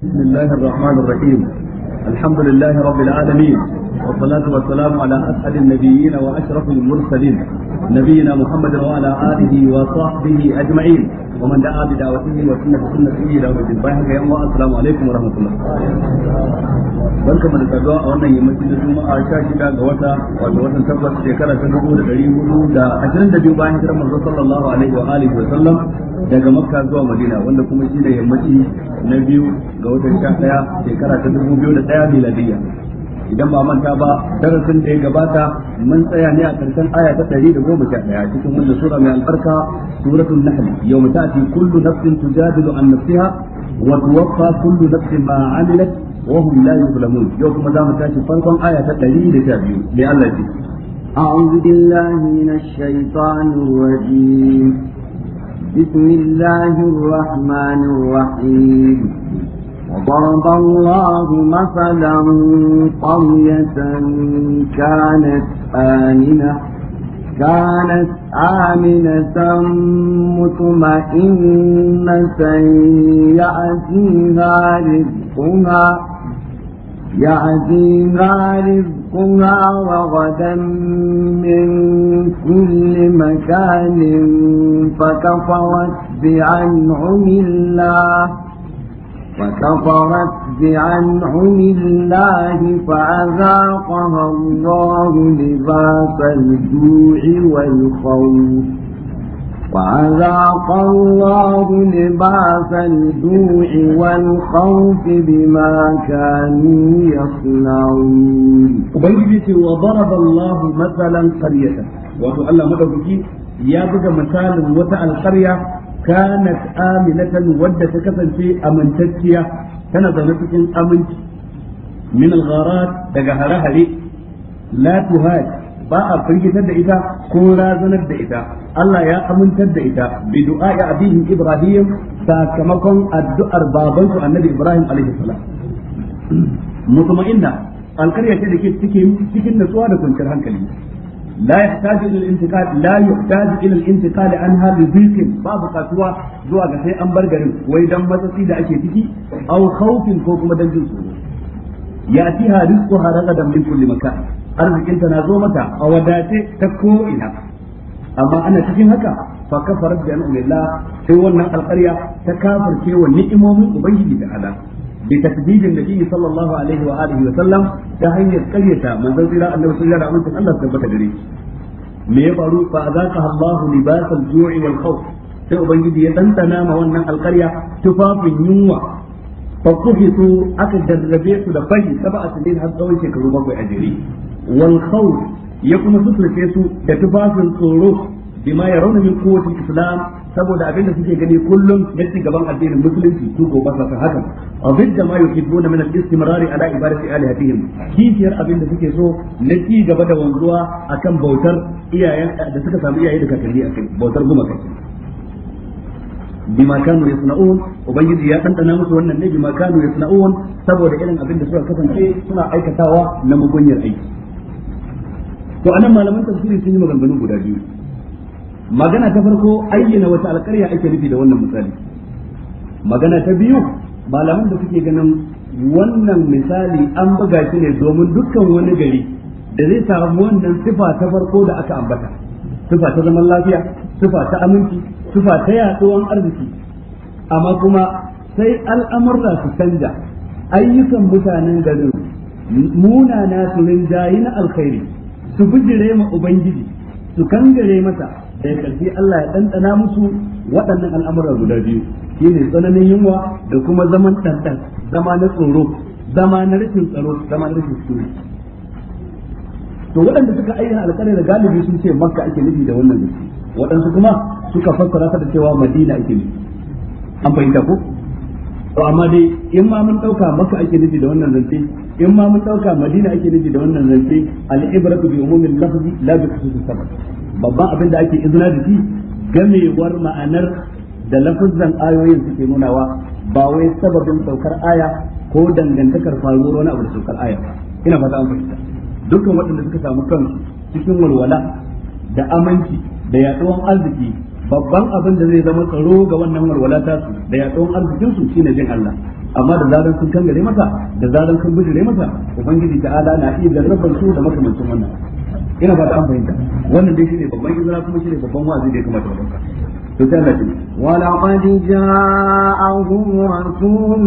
بسم الله الرحمن الرحيم الحمد لله رب العالمين والصلاة والسلام على أسعد النبيين وأشرف المرسلين نبينا محمد وعلى آله وصحبه أجمعين ومن دعا بدعوته وسنة إلى السلام عليكم ورحمة الله da saduwa da juma'a sha shida ga da ɗari hudu daga makka zuwa madina wanda kuma shi yammaci na biyu ga watan sha ɗaya shekara ta dubu biyu da miladiyya idan ba manta ba darasin da ya gabata mun tsaya ne a karshen aya ta 111 cikin wannan sura mai albarka suratul nahl yawma ta'ti kullu nafsin tujadilu an nafsiha wa tuwaffa kullu nafsin ma 'amilat wa hum la yuzlamun yau kuma za mu tashi farkon aya ta 112 mai Allah ji أعوذ بالله من الشيطان الرجيم بسم الله الرحمن الرحيم وضرب الله مثلا قرية كانت آمنة كانت آمنة مطمئنة يأتيها رزقها يأتيها رزقها وغدا من كل مكان فكفرت بأنعم الله فكفرت بأنعم الله فأذاقها الله لباس الجوع والخوف وأذاق الله لباس الجوع والخوف بما كانوا يصنعون وبيجي وضرب الله مثلا قرية وقال الله مدعوكي يا بك مثال وتأل قرية kanat aminatan wadda ta kasance amintacciya tana zaune cikin aminci min al-gharat daga hare-hare la tuhaj ba a firgitar da ita ko razanar da ita Allah ya amintar da ita bi du'a abihim Ibrahim sakamakon addu'ar babansu Annabi Ibrahim alaihi salam mutma'inna alƙarya ce da ke cikin cikin natsuwa da kwanciyar hankali لا يحتاج الى الانتقال لا يحتاج الى الانتقال عنها بضيق babu kasuwa zuwa ga sai an bar garin wai dan matsatsi da ake ciki au khawfin ko kuma dan jin tsoro yatiha rizquha da min kulli makan arzikin ta na zo mata a wadace ta ko ina amma ana cikin haka fa kafarat bi an'amillah sai wannan alqarya ta kafirce wa ni'imomin ubangiji da Allah bi takdibin nabi sallallahu alaihi wa alihi wa sallam ta hanyar karyata manzon jira annabi sallallahu alaihi wa sallam Allah tabbata gare shi me ya faru fa azaka Allahu libasal ju'i wal khawf sai ubangiji ya tantana ma wannan alƙarya tufafin yunwa fa su aka darrabe su da fahi saba asinin har tsawon shekaru bakwai a jere Wankau ya kuma suturce su da tufafin tsoro bima yarawna min kowace islam saboda abin da suke gani kullum na ci gaban addinin musulunci su ko ba sa haka abin da ma yuhibbuna min al-istimrari ala ibadati alihatihim kifiyar abin da suke so na ci gaba da wanzuwa akan bautar iyayen da suka samu iyaye da kakanni akai bautar gumaka bima kanu yasna'un ubangiji ya dandana musu wannan ne bima kanu yasna'un saboda irin abin da suka kasance suna aikatawa na mugunyar aiki to anan malaman tafsiri sun yi maganganu guda biyu magana ta farko ayyana wata alƙarya ake nufi da wannan misali magana ta biyu malaman da suke ganin wannan misali an buga shi ne domin dukkan wani gari da zai samu wannan sifa ta farko da aka ambata sifa ta zaman lafiya sifa ta aminci sifa ta yatsuwan arziki amma kuma sai al'amurra su canja ayyukan mutanen garin na su rinjayi na alkhairi su bijire ma ubangiji su kangare mata sai karfi Allah ya ɗanɗana musu waɗannan al'amuran guda biyu shine tsananin yunwa da kuma zaman ɗanɗan zama na tsoro zama na rikin tsaro zama na rikin tsoro to waɗanda suka ayyana alƙalai da galibi sun ce makka ake nufi da wannan gaske waɗansu kuma suka fassara ta da cewa madina ake nufi an fahimta ko to amma dai in ma mun dauka maka ake nufi da wannan zance in ma mun dauka madina ake nufi da wannan zance al-ibratu bi umumin lafzi la bi khususis sabab babban abin da ake izina da shi gamewar ma'anar da lafazan ayoyin suke wa ba wai sababin saukar aya ko dangantakar faruwar wani abu da saukar aya ina fata an fahimta dukkan waɗanda suka samu kansu cikin walwala da aminci da yaduwan arziki babban abin da zai zama tsaro ga wannan walwalata su da yaɗuwan arzikin su shine jin Allah amma da zaran sun kangare masa da zaran sun bijire masa ubangiji ta ala na iya jarrabar su da makamancin wannan ina ba ta an fahimta wannan dai shine babban izra kuma shine babban wa'azi da ya kamata mu dauka to sai Allah ya ولقد جاءهم رسول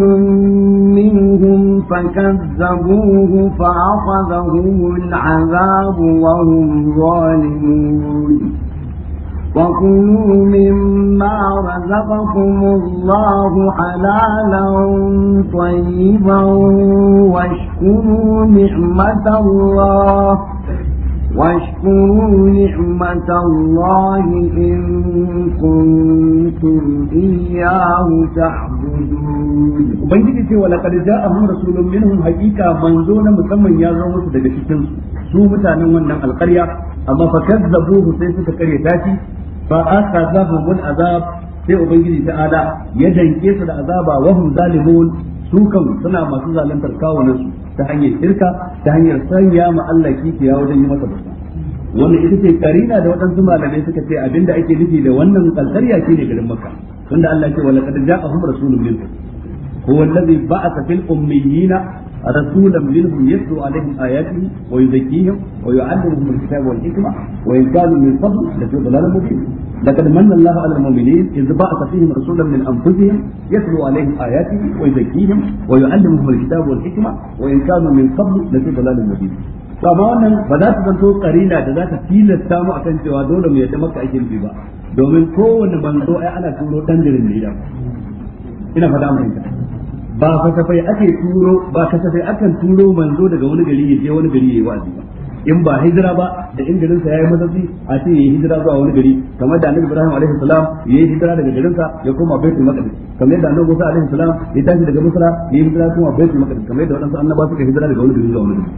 منهم فكذبوه فأخذهم العذاب وهم ظالمون وكلوا مما رزقكم الله حلالا طيبا واشكروا نعمة الله واشكروا نعمة الله إن كنتم إياه تعبدون وبنجد ولقد جاءهم رسول منهم حقيقة منزونا مسمى يا رسول الله su mutanen wannan alkarya amma fa kazzabuhu sai suka kare tashi fa akhazahumul azab sai ubangiji ta'ala ya danke su da azaba wa hum zalimun su kan suna masu zaluntar kawunan su ta hanyar shirka ta hanyar sanya ma Allah kikiya wajen yi masa basa wannan ita ce karina da waɗansu malamai suka ce abinda ake nufi da wannan alƙarya shine garin Makka tunda Allah ya ce wa laqad ja'ahum rasulun minkum هو الذي بعث في الأميين رسولا منهم يتلو عليهم آياته ويزكيهم ويعلمهم الكتاب والحكمة وإن كانوا من قبل لفي ضلال مبين لقد من الله على المؤمنين إذ بعث فيهم رسولا من أنفسهم يتلو عليهم آياته ويزكيهم ويعلمهم الكتاب والحكمة وإن كانوا من قبل لفي ضلال مبين amma wannan ba za ta zanto karina da za ta tilasta mu akan cewa dole mu yadda maka ake bi ba domin kowanne manzo ai ana turo dandirin ne da ina fada mun ba kasafai ake turo ba kasafai akan turo manzo daga wani gari ya je wani gari ya yi wa'azi ba in ba hijira ba da in garinsa yi mazafi a ce yi hijira zuwa wani gari kamar da Annabi Ibrahim alaihi salam yi hijira daga garinsa ya koma Baitul Maqdis kamar da Annabi Musa alaihi salam ya tashi daga ya yi hijira kuma Baitul Maqdis kamar da wadansu annaba suka hijira daga wani gari zuwa wani gari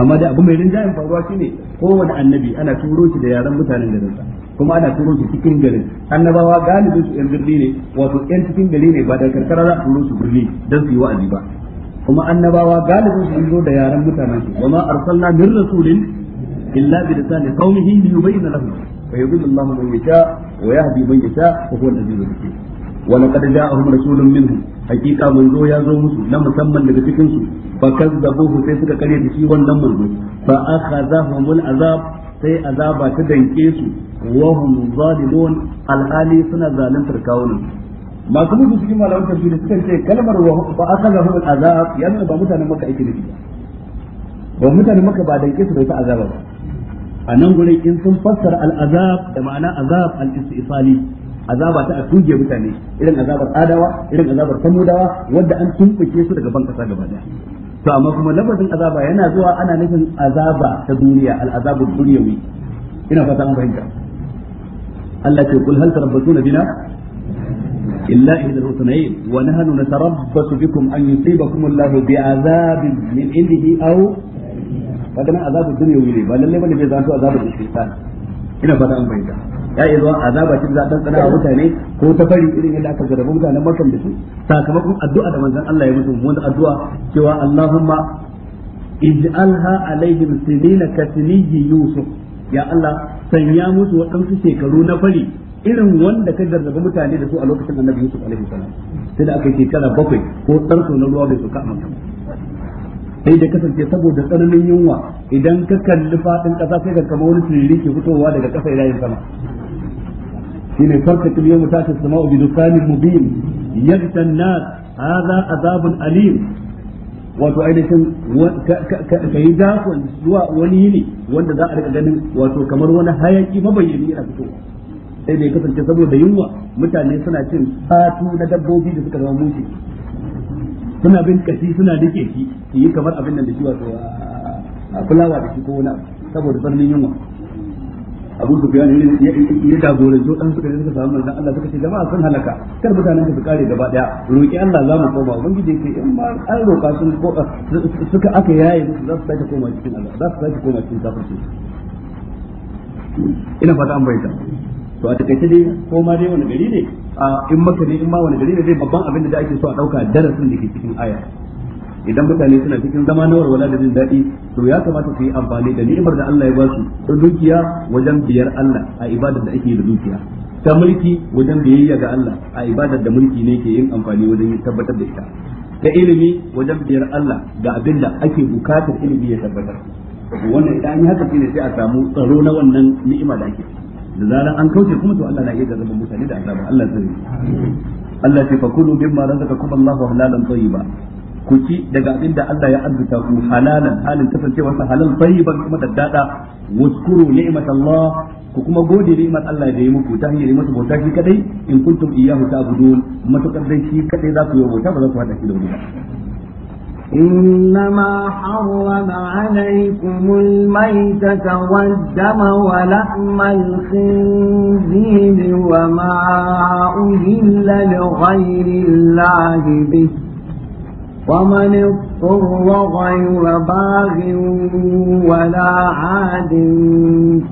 amma da abu mai rinjayen faruwa shine kowane annabi ana turo shi da yaran mutanen garinsa kuma ana turo shi cikin garin annabawa galibin su yan birni ne wato yan cikin gari ne ba da karkara za a turo su birni don su yi wa'azi ba kuma annabawa galibin sun zo da yaran mutanen su wa ma arsalna min rasulin illa bi lisani qaumihi li yubayyana lahum fa yudillu Allahu man yasha wa yahdi man yasha wa huwa al-azizul hakim wa laqad ja'ahum rasulun minhum hakika zo ya zo musu na musamman daga cikin su fa kazzabuhu sai suka kare da shi wannan manzo fa akhadhahumul azab sai azaba ta danke su wa hum zalimun alhali suna zaluntar kawunan masu mutu cikin malamin tafsiri sukan ce kalmar wa ba aka zahu al azab ya nuna ba mutanen maka ake nufi ba mutanen maka ba danke su da ita azaba ba a nan gurin in sun fassara al'azab da ma'ana azab al istifali azaba ta atuje mutane irin azabar adawa irin azabar samudawa wadda an tumbuke su daga ban kasa gaba daya to amma kuma lafazin azaba yana zuwa ana nufin azaba ta duniya al azabud dunyawi ina fata an fahimta Allah ce kul hal tarabbasuna bina illa ihdal husnayn wa nahnu natarabbasu bikum an yusibakum Allahu bi'azabin min indihi aw kaga nan azabu dunyawi ne ba lalle bane bai zanto azabu shaytan ina fata an bayyana ya iya zuwa azaba ce za ta tsana a mutane ko ta fari irin yadda aka garba mutanen makan da su sakamakon addu'a da manzon Allah ya musu wanda addu'a cewa Allahumma ij'alha alaihim sinina ya Allah sanya musu waɗansu shekaru na fari irin wanda ka gargaba mutane da su a lokacin annabi Yusuf alaihi salam sai da aka yi shekara bakwai ko tsarso na ruwa bai suka a makka sai da kasance saboda tsananin yunwa idan ka kalli fadin kasa sai ka kama wani turiri ke fitowa daga kasa yin sama shine farka tul yawma ta as-sama'u bi dukanin mubin yaghsha nas hadha azabun alim wato ainihin ka yi zuwa wani yini wanda za a rika ganin wato kamar wani hayaki mabayyani yana fitowa sai bai kasance saboda yunwa mutane suna cin fatu na dabbobi da suka zama mushe suna bin kashi suna dake shi su yi kamar abin nan da shi wato a fulawa da shi ko wani saboda saboda tsananin yunwa abu su ne ya zo dan suka suka samu manzan Allah suka ce jama'a sun halaka kar mutanen su kare gaba daya roƙi Allah za mu koma ubangiji ke in ba an roƙa sun ko suka aka yaye za su sake koma cikin Allah za su sake koma cikin kafirci ina fata an bayyana to a takaice dai ko ma dai wani gari ne a in maka ne in ma wani gari ne dai babban abin da ake so a dauka darasin da ke cikin aya idan mutane suna cikin zama na walwala da jin daɗi to ya kamata su yi amfani da ni'imar da Allah ya basu su dukiya wajen biyar Allah a ibadar da ake yi da dukiya ta mulki wajen biyayya ga Allah a ibadar da mulki ne ke yin amfani wajen tabbatar da ita da ilimi wajen biyar Allah ga abin da ake bukatar ilimi ya tabbatar wannan idan an yi haka ne sai a samu tsaro na wannan ni'ima da ake ciki da zaran an kauce kuma to Allah na iya jarraba mutane da azaba Allah zai Allah ce fa kulu mimma razaqakum Allahu halalan tayyiba ku ci daga abin da Allah ya arzuta ku halalan halin kasancewa sa halal tayyiban kuma da dada waskuru ni'mat Allah ku kuma gode ni'mat Allah da ya muku ta hanyar masa bauta shi kadai in kuntum iyyahu ta'budun matakar dai shi kadai za ku yi bauta ba za ku hada shi da wani ba إنما حرم عليكم الميتة والدم ولحم الخنزير وما أهل لغير الله به ومن اضطر غير باغ ولا عاد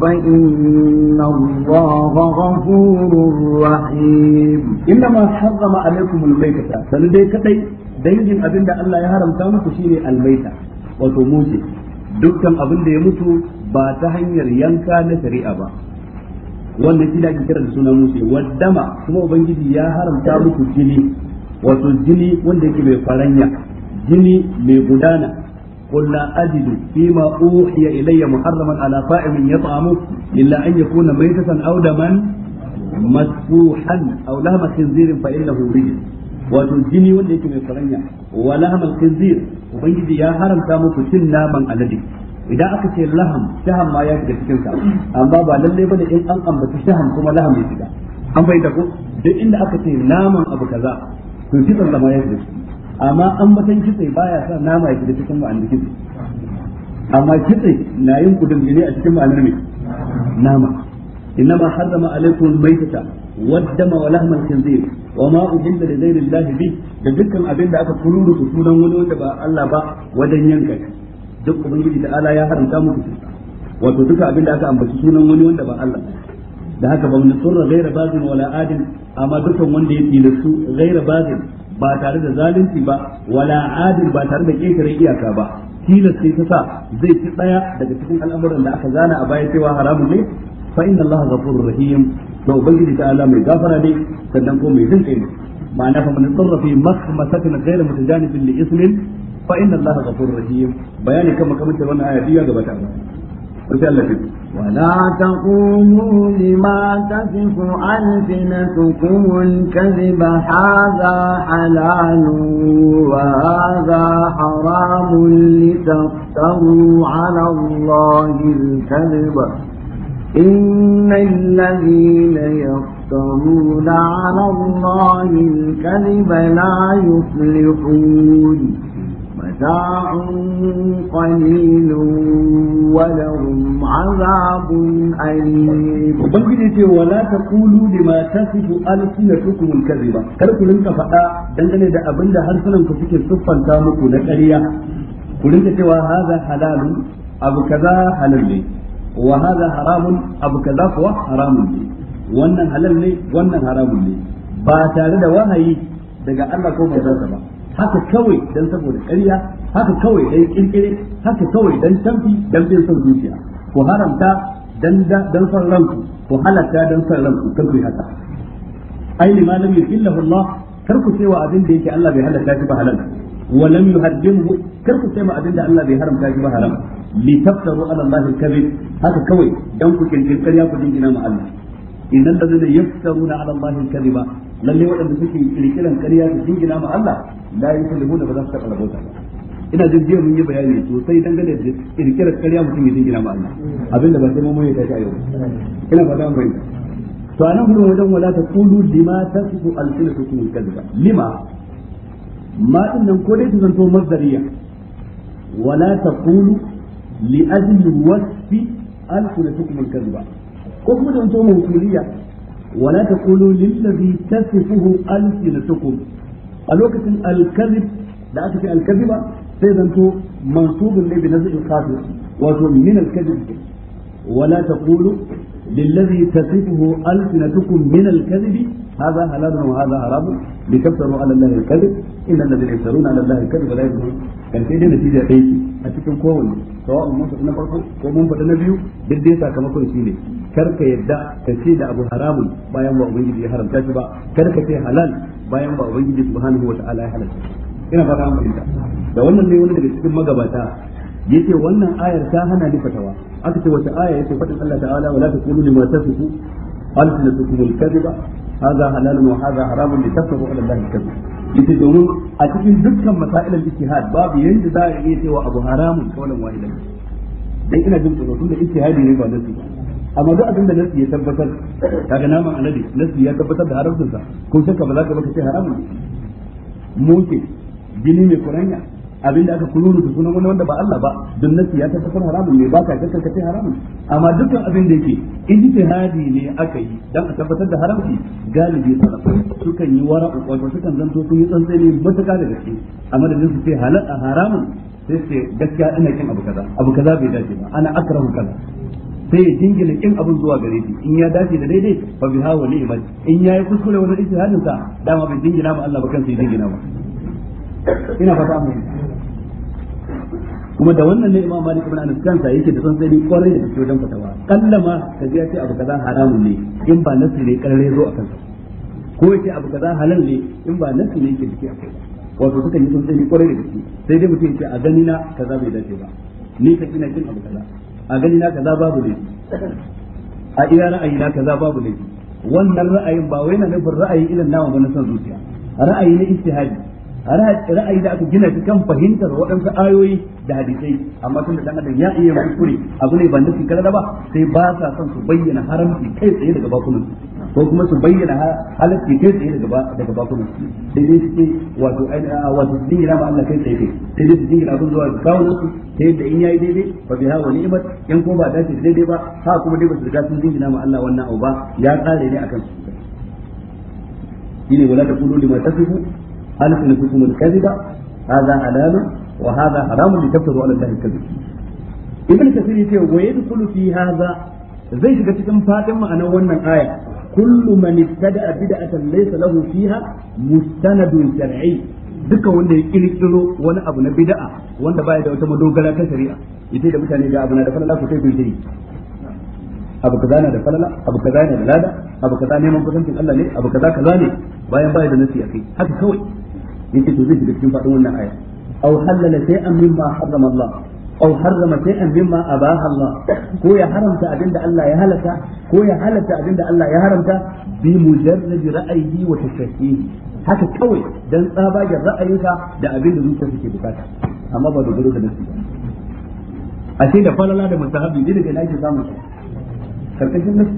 فإن الله غفور رحيم إنما حرم عليكم الميتة فلدي dangin abin da Allah ya haramta muku shine almaita wato mushe dukkan abin da ya mutu ba ta hanyar yanka na shari'a ba wannan shi da ake kira da suna mushe waddama kuma ubangiji ya haramta muku jini wato jini wanda yake mai faranya jini mai gudana قل لا أجد فيما أوحي إلي محرما على طائم يطعمه إلا أن يكون ميتة أو دما مسفوحا أو لهم خنزير فإنه رجس wato jini wanda yake mai faranya wa lahamal khinzir ubangiji ya haramta muku cin naman alade idan aka ce laham shaham ma ya shiga cikin sa amma ba lalle bane in an ambaci shaham kuma laham ya shiga an bai ko duk inda aka ce naman abu kaza to kitsan da ma ya shiga amma an batan kitse baya sa nama ya shiga cikin ma'anar kitse amma kitse na yin kudin jini a cikin ma'anar mai nama إنما حرم عليكم الميتة والدم ولحم الخنزير وما أهل لغير الله به da dukkan abin da aka kururu sunan wani wanda ba Allah ba wajen yanka duk ubangiji da Allah ya haramta muku su wato duka abin da aka ambaci sunan wani wanda ba Allah da haka ba mun surra ghaira bazin wala amma wanda ya bazin ba tare da zalunci ba wala adin ba tare da ƙetare iyaka ba tilas sai ta sa zai ci daya daga cikin al'amuran da aka zana a baya cewa haramun ne fa inna allaha ghafurur rahim to ubangiji ta Allah mai gafara ne sannan ko mai jinkai ne ma'ana fa man tsarra fi makhmasatin ghayra mutajanibin li ismin fa inna allaha ghafurur rahim bayani kan makamantar wannan aya diya gaba ta ولا تقولوا لما تصف ألسنتكم الكذب هذا حلال وهذا حرام لتفتروا على الله الكذب إن الذين يفترون على الله الكذب لا يفلحون متاع قليل ولهم عذاب أليم وبنجد ولا تقولوا لما تصف ألسنتكم الكذبة كلكم لنك فقا دنجل إذا أبند هرسلن كفكر صفا تامكو نكريا كلنك سوى هذا حلال أبو كذا حلال ليه wa haramun abu kaza kuwa haramun ne wannan halal ne wannan haramun ne ba tare da wahayi daga Allah ko manzon ba haka kawai dan saboda ƙarya haka kawai dan kirkire haka kawai dan tamfi dan bin son zuciya ku haramta dan dan son ranku ku halatta dan son ranku kan ku haka ai limalam yakillahu Allah kar ku cewa abin da yake Allah bai halatta shi ba halal wa lam yuhaddimhu kar ku sai Allah bai haramta shi ba haram li taftaru ala Allah al haka kawai dan ku kirkin ƙarya ku dingina ma Allah innal ladina yaftaruna ala Allah al-kadhiba lalle waɗanda suke kirkiran ƙarya su dingina ina jin jiya mun yi bayani sosai dangane da kirkirar kariya mutum ya dingina ma Allah abinda ba sai mun mai ta yau ina ba mun bayyana to anan kuma wajen wala ta qulu lima tasifu al-sinatukum kadhiba lima ma din nan ko dai ta zanto masdariya wala taqulu li ajli wasfi alfunatukum alkadhiba ko kuma ta zanto mawsuliya wala taqulu lil ladhi tasifuhu alfunatukum a lokacin alkadhib da aka ce alkadhiba sai zanto mansubun ne bi wato للذي تصفه ألسنتكم من الكذب هذا حلال وهذا حرام لتفتروا على الله الكذب innal ladina yaftaruna ala allahi kadhiba la yuflihun kan sai dai natija ɗaya ce a cikin kowanne sawa'un mun faɗi na farko ko mun fada na biyu duk dai sakamakon shi ne kar ka yadda ka ce da abu haramun bayan ba ubangiji ya haramta shi ba kar ka ce halal bayan ba ubangiji subhanahu wa ta'ala ya halalta ina fata an fahimta da wannan ne wani daga cikin magabata yace wannan ayar ta hana ni fatawa aka ce wata aya yace fadin Allah ta'ala wala taqulu lima tasifu alsinatukum al-kadhiba hadha halalun wa hadha haramun litaftaru ala Allah al-kadhiba yace domin a cikin dukkan masailan ijtihad babu yanda za a iya cewa abu haramun kaulan wahida dan ina jin tsoro tunda ijtihadi ne ba nasi amma duk abin da nasi ya tabbatar kaga naman alade nasi ya tabbatar da haramcin sa ko shakka ba za ka baka ce haramun mu ce jini mai kuranya abin da aka kururu da sunan wani wanda ba Allah ba don nasi ya tabbatar haramun ne ba ka kankan kace haramun amma dukkan abin da yake ijtihadi ne aka yi dan a tabbatar da haramci galibi salafai sukan yi wara wato sukan zanto sun yi tsantsani mutaka da gaske amma da su ce halal a haramun sai ce gaskiya ina kin abu kaza abu kaza bai dace ba ana akrahu kaza sai ya jingina kin abin zuwa gare shi in ya dace da daidai fa biha wa ni'mat in yayi kuskure wani ijtihadin sa dama bai jingina ma Allah ba kansa ya jingina ba ina fata mu kuma da wannan ne imam malik ibn anas kansa yake da san sai kwarai da gaske wajen fatawa kallama kaje ya ce abu kaza haramun ne in ba nasu ne karare zo a sa ko yace abu kaza halal ne in ba nasu ne yake dake akai wato suka yi sun sai kwarai da gaske sai dai mutum yace a gani na kaza bai dace ba ni ka kina jin abu kaza a gani na kaza babu ne a iya ra'ayi na kaza babu ne wannan ra'ayin ba wai na nufin ra'ayi irin nawa ba na son zuciya ra'ayi na ijtihadi ra'ayi da aka gina shi kan fahimtar waɗansu ayoyi da hadisai amma tun da dan adam ya iya kuskure abu ne ban nufi kalada ba sai ba sa son su bayyana haramci kai tsaye daga bakunan ko kuma su bayyana halarci kai tsaye daga bakunan sai dai suke wato wato dingira ma Allah kai tsaye kai sai dai su dingira abin zuwa kawo su ta yadda in yayi daidai ba biha wa ni'mat in ko ba dace daidai ba ha kuma dai ba su riga sun dingina ma Allah wannan abu ba ya kare ne akan su shine wala taqulu lima tasifu ألسنتكم الكذب هذا حلال وهذا حرام لتفتروا على الله الكذب ابن كثير يقول ويدخل في هذا زي shiga cikin fadin ma'anar wannan aya kullu man a bid'atan laysa lahu fiha mustanadun shar'i duka wanda ya kirkiro wani abu na bid'a wanda baya da wata madogara ta shari'a ita da mutane ga abu na da fara ku sai ku yi abu kaza na da falala abu kaza ne da lada abu kaza neman kusancin Allah ne abu kaza kaza ne bayan baya da nasi kai haka kawai yake to zai shiga cikin fadin wannan aya aw halala shay'an mimma harrama Allah aw harrama shay'an mimma abaha Allah ko ya haramta abinda Allah ya halaka ko ya halaka abinda Allah ya haramta bi mujarrad ra'ayi wa tashahhihi haka kawai dan tsabagen ra'ayinka da abinda zuciyarka ke bukata amma ba dogaro da nasi ba ashe da falala da musahabi ne daga ina ke samun karkashin nafi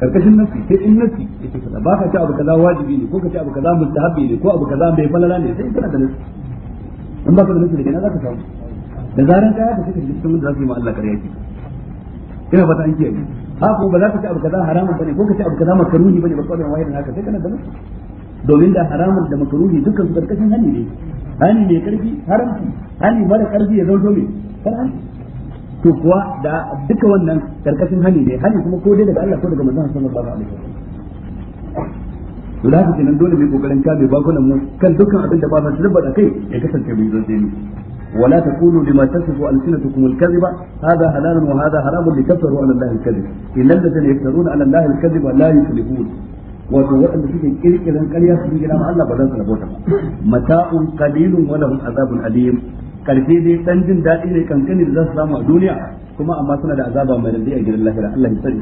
karkashin nafsi sai in nafsi yake kaza ba ka ci abu kaza wajibi ne ko ka ci abu kaza mustahabi ne ko abu kaza bai falala ne sai kana da nafi in ba ka da da daga za ka samu da zaran ka yaka kake cikin wanda su yi ma Allah yake ki ina fata an kiyaye ha ko ba za ka ci abu kaza haramun bane ko ka ci abu kaza makaruhi bane ba ko da wayar haka sai kana da nafi domin da haramun da makaruhi dukkan su karkashin hani ne hani mai karfi haramci hani mara karfi ya zauto mai karhanci to kuwa da duka wannan karkashin hali ne hali kuma ko dai daga Allah ko daga manzon sallallahu alaihi wasallam to da dole mai kokarin kame bakunan mu kan dukkan abin da ba sa tabbat ya kasance mai zo dai ولا تقولوا لما تصف ألسنتكم الكذب هذا حلال وهذا حرام لتفتروا على الله الكذب إن الذين يفترون على الله الكذب لا يفلحون wato waɗanda suke kirkirin ƙarya su gina ma Allah ba za su rabota mata'un qalilun wa karfe dai dan jin daɗi ne kankani da za su samu a duniya kuma amma suna da azaba mai rabi a gidan lahira Allah ya tsare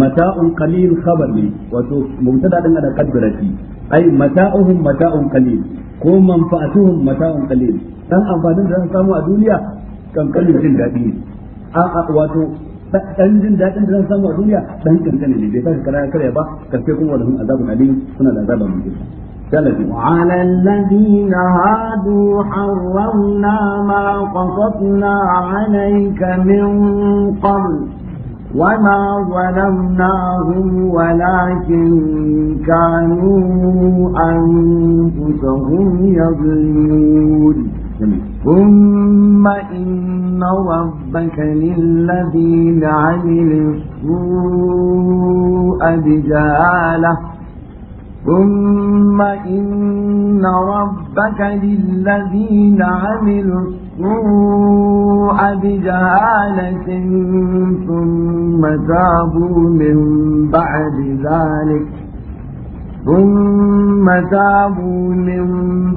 mata'un qalil khabar ne wato mubtada din ana kadrati ai mata'uhum mata'un qalil ko manfa'atuhum mata'un qalil dan amfanin da za su samu a duniya kankani jin daɗi ne a a wato dan jin daɗin da zan samu a duniya dan kankani ne bai sa karaya karya ba karfe kuma wani azabun alim suna da azaba mai girma وعلى الذين هادوا حرمنا ما قصصنا عليك من قبل وما ظلمناهم ولكن كانوا أنفسهم يظلمون ثم إن ربك للذين عملوا السوء بجهاله ثم إن ربك للذين عملوا السوء بجهالة ثم تابوا من بعد ذلك ثم تابوا من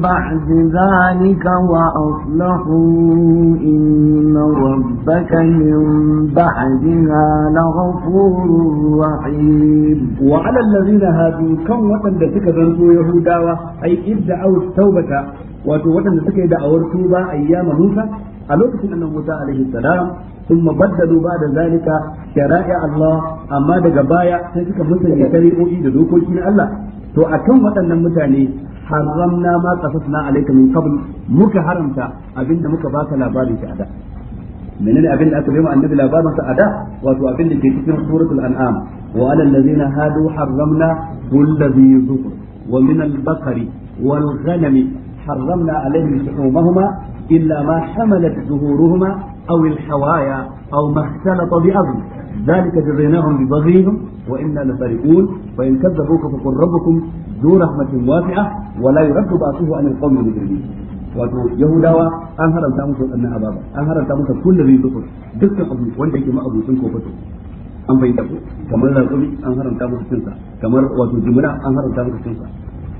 بعد ذلك وأصلحوا إن ربك من بعدها لغفور رحيم وعلى الذين هادوا كم وطن دسك ذنبوا يهودا أي ابدأوا التوبة wato waɗanda suka yi da'awar tuba a yama Musa a lokacin annabi Musa alaihi salam thumma baddalu ba'da zalika shara'i Allah amma daga baya sai suka musanya shari'o'i da dokoki na Allah to akan waɗannan mutane haramna ma qasasna alayka min qabl muka haramta abinda muka baka labarin shi ada menene abinda aka bayyana annabi labarin sa ada wato abinda ke cikin suratul an'am wa alal ladina hadu haramna kull ladhi zukur wa min al-baqari wal ghanami haramna alayhim shuhumahuma illa ma hamalat zuhuruhuma aw al-hawaya aw ma ikhtalaqa bi ardh ذلك جزيناهم ببغيهم وإنا لصادقون فإن كذبوك فقل ربكم ذو رحمة واسعة ولا يرد بأسه عن القوم المجرمين wato yahudawa an haramta musu wannan ababa an haramta musu kullu zai zukur dukkan abu wanda yake ma abucin kofato an bayyana ko kamar razumi an haramta musu cin sa kamar wato jumla an haramta musu cin sa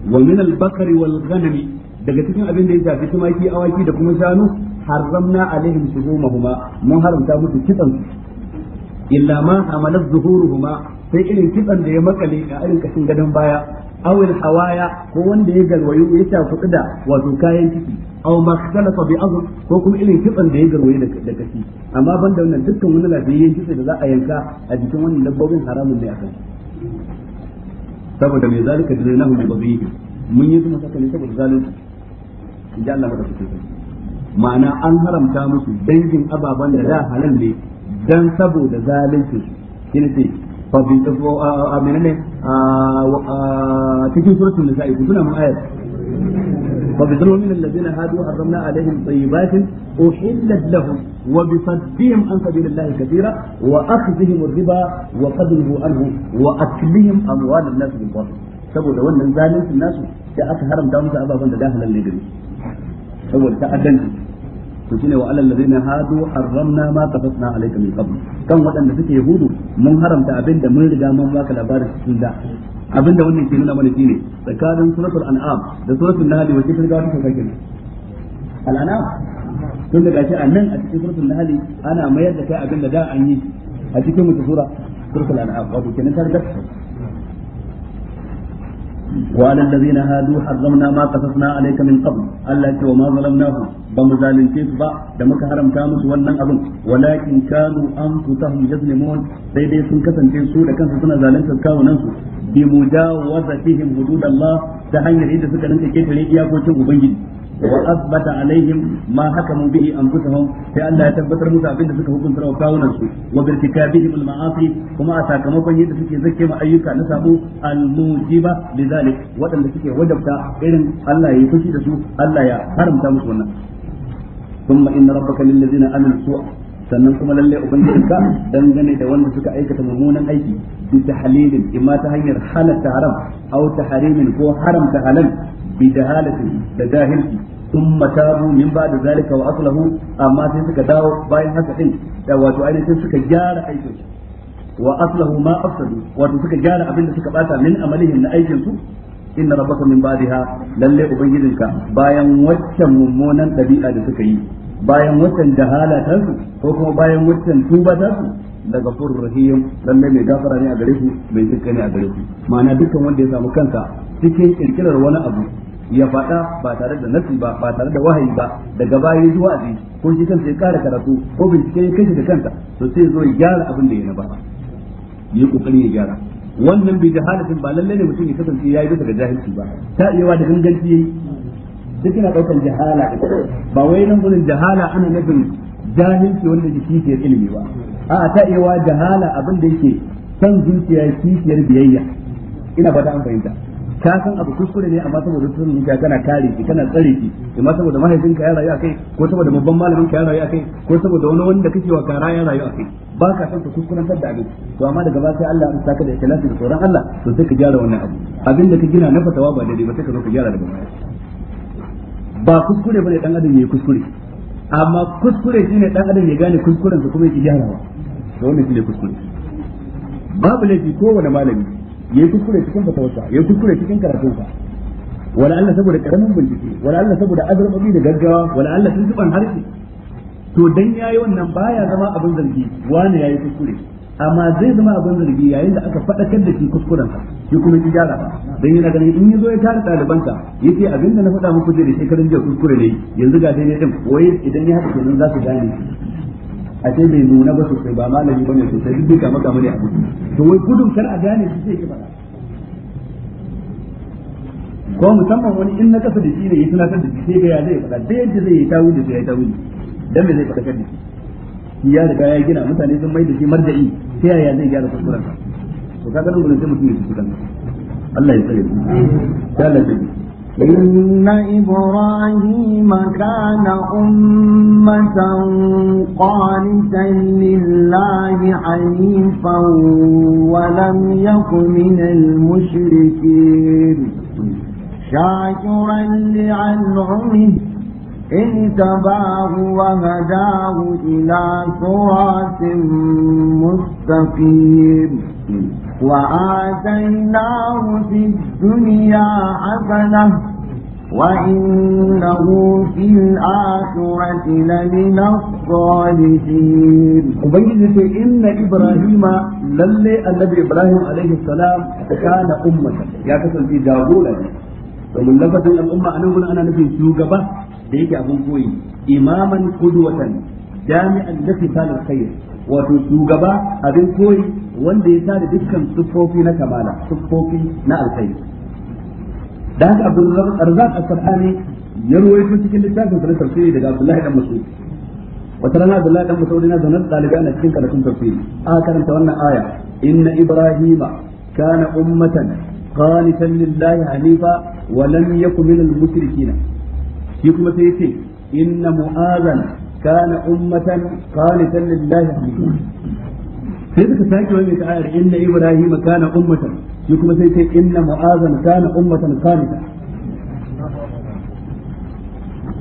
wa min al bakari wal ghanami daga cikin abin da ya shafi tumaki awaki da kuma shanu haramna alaihim shuhumahuma mun haramta musu kitan illa ma hamalat zuhuruhuma sai irin kitsan da ya makale a irin kashin gadon baya awil hawaya ko wanda ya garwayo ya tafi da wato kayan ciki aw ma khalafa bi azm ko kuma irin kitsan da ya garwaye da kashi amma banda wannan dukkan wani lafiyayyen kitse da za a yanka a jikin wannan dabbobin haramun ne akan saboda mai zalika da zainahu mai yi mun yi su saka ne saboda zalunci in ji Allah maka ma'ana an haramta musu dangin ababen da da halal ne dan saboda zalunci shine ce fa bi a menene a cikin suratul nisa'i kun tuna mun ayat وبظلم من wa هادوا حرمنا عليهم طيبات أحلت لهم وبصدهم عن سبيل الله كثيرا وأخذهم الربا وقدره عنه وأكلهم أموال الناس بالباطل saboda wannan zalunci nasu da aka haramta musu ababen da da halal ne gari saboda ta'addanci to shine wa alal ladina hadu harramna ma alayka min qabl kan waɗanda suke yahudu mun haramta abinda mun riga mun maka labarin cikin da abinda wannan ke nuna mana shine tsakanin suratul an'am da suratul nahl kake al'anam tun da gashi a cikin suratul nahl ana mayar da kai abinda da an yi a cikin suratul an'am wato kenan وعلى الذين هادوا حرمنا ما قصصنا عليك من قبل الله كي وما ظلمناهم بمظالم كيف با دمك حرم كامس ونن أبن ولكن كانوا أنفسهم يظلمون دي دي سنكسن في سورة كان سنة ظالم سكاو ننسو بمجاوزتهم حدود الله تحير إذا سكرنك كيف ليجيا كوتشن وبنجد wa asbata alaihim ma hakamu bihi anfusahum sai Allah ya tabbatar musu abinda suka hukunta wa kawunan su wa bi irtikabihim al ma'asi kuma a sakamakon yadda suke zake ma ayyuka na sabo al mujiba lidhalik wadanda suke wajabta irin Allah ya yi fushi da su Allah ya haramta musu wannan ثم إن ربك للذين آمنوا سوء sannan kuma lalle ubangijinka dangane da wanda suka aikata mummunan aiki bi tahlilin imma ta hanyar halatta haram aw harimin ko haramta halal bi jahalati da jahilci ثم تابوا من بعد ذلك واصلحوا اما sai suka dawo bayan haka da wato ainihin suka gyara aikin su wa ma afsadu wato suka gyara abin da suka bata min amalihim na aikin su inna rabbaka min ba'daha lalle ubangijinka bayan waccan mummunan dabi'a da suka yi bayan waccan jahala su ko kuma bayan waccan tuba ta su daga furur rahim lalle mai gafara ne a gare su mai ne a gare su ma'ana dukkan wanda ya samu kansa cikin kirkirar wani abu ya faɗa ba tare da nasi ba ba tare da wahayi ba daga baya ya zuwa aji ko shi kansa ya ƙara karatu ko bincike ya kashe da kansa to sai zo ya gyara abin da ya na ba yi kokari ya gyara wannan bai da jahalatin ba lalle ne mutum ya kasance ya yi bisa ga jahilci ba ta iya wa da ganganci yayi duk ina daukar jahala ba wai nan gudun jahala ana nufin jahilci wanda ke kishiyar ilimi ba a'a ta iya wa jahala abin da yake son zuciya kishiyar biyayya ina fata an fahimta ka san abu kuskure ne amma saboda sun yi kana kare ki kana tsare ki amma saboda mahaifinka ya rayu akai ko saboda babban malamin ka ya rayu akai ko saboda wani wanda kake wa kara ya rayu akai ba ka san ka kuskuren da abin to amma daga ba Allah ya saka da ikhlasi da tsoron Allah to sai ka gyara wannan abu abin da ka gina na fatawa ba daidai ba sai ka zo ka gyara daga baya ba kuskure bane dan adam yayi kuskure amma kuskure shine dan adam ya gane kuskuren sa kuma ya gyara ba to wannan shine kuskure babu laifi kowane malami yayi kuskure cikin fatawarsa yayi kuskure cikin karatunsa wala Allah saboda karamin bincike wala Allah saboda azrabi da gaggawa wala Allah tuntuban harshe to dan yi wannan baya zama abin zargi wani yi kuskure amma zai zama abin zargi yayin da aka faɗakar da shi kuskurensa shi kuma shi gyara ba dan yana ganin in yazo ya tare ɗalibansa yace abin da na faɗa muku da shekarun jiya kuskure ne yanzu ga dai ne din wai idan ya haɗa kenan za su gane a ce mai nuna ba sosai ba malami bane sosai duk duka maka mane abu to wai gudun kar a gane shi sai ki ko musamman wani in na kasa da shi ne ya tunatar da shi sai ga ya zai faɗa da yadda zai yi wuce da ya tawu dan me zai faɗa kadi. shi ya riga ya gina mutane sun mai da shi marja'i sai ya zai gyara kuskuren to kaga nan gurin sai mutum ya tuka Allah ya tsare mu ta lafiya إن إبراهيم كان أمة قانتا لله حنيفا ولم يك من المشركين شاكرا لأنعمه انتباه وهداه إلى صراط مستقيم وآتيناه في الدنيا حسنة وإنه في الآخرة لمن الصالحين وبيجي إن إبراهيم للي النبي إبراهيم عليه السلام كان أمة يا كسر في جابولة ومن لفظ الأمة أنا أقول أنا نفي شوقبة ديك أبو كوي إماما قدوة جامعا لفظان الخير wato shugaba abin koyi wanda ya sa da dukkan siffofi na kamala siffofi na alkhairi da haka Abdul Razzaq As-Sanani ya ruwaito cikin littafin sa tafsiri daga Abdullahi dan Mas'ud wata rana Abdullahi dan Mas'ud yana zaune da dalibai a cikin karatun tafsiri aka karanta wannan aya inna ibrahima kana ummatan qanitan lillahi hanifa wa lam yakun minal mushrikeen shi kuma sai yace inna mu'azan kana ummatan qanitan lillahi hanifa sai suka sake wani ta ayar inna ibrahima kana ummatan shi kuma sai ce inna mu'azan kana ummatan qanita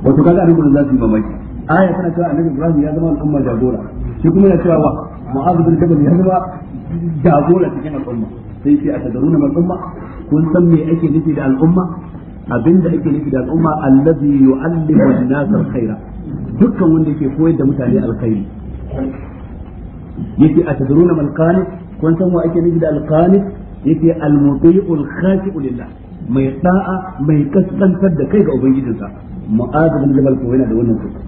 wato kaga annabi gurin zasu yi mamaki aya tana cewa annabi Ibrahim ya zama al'umma jagora shi kuma yana cewa wa mu'azan bin jabal ya zama jagora cikin al'umma sai ce a tadaruna al'umma kun san me ake nufi da al'umma abinda ake nufi da al'umma allazi yu'allimu an-nas al-khaira dukkan wanda yake koyar da mutane alkhairi yake a tadaruna man qanit kun san wa ake nufi da al-qanit yake al-muti'ul khashi'u lillah mai da'a mai kaskantar da kai ga ubangijinsa mu'az bin jabal ko yana da wannan sifa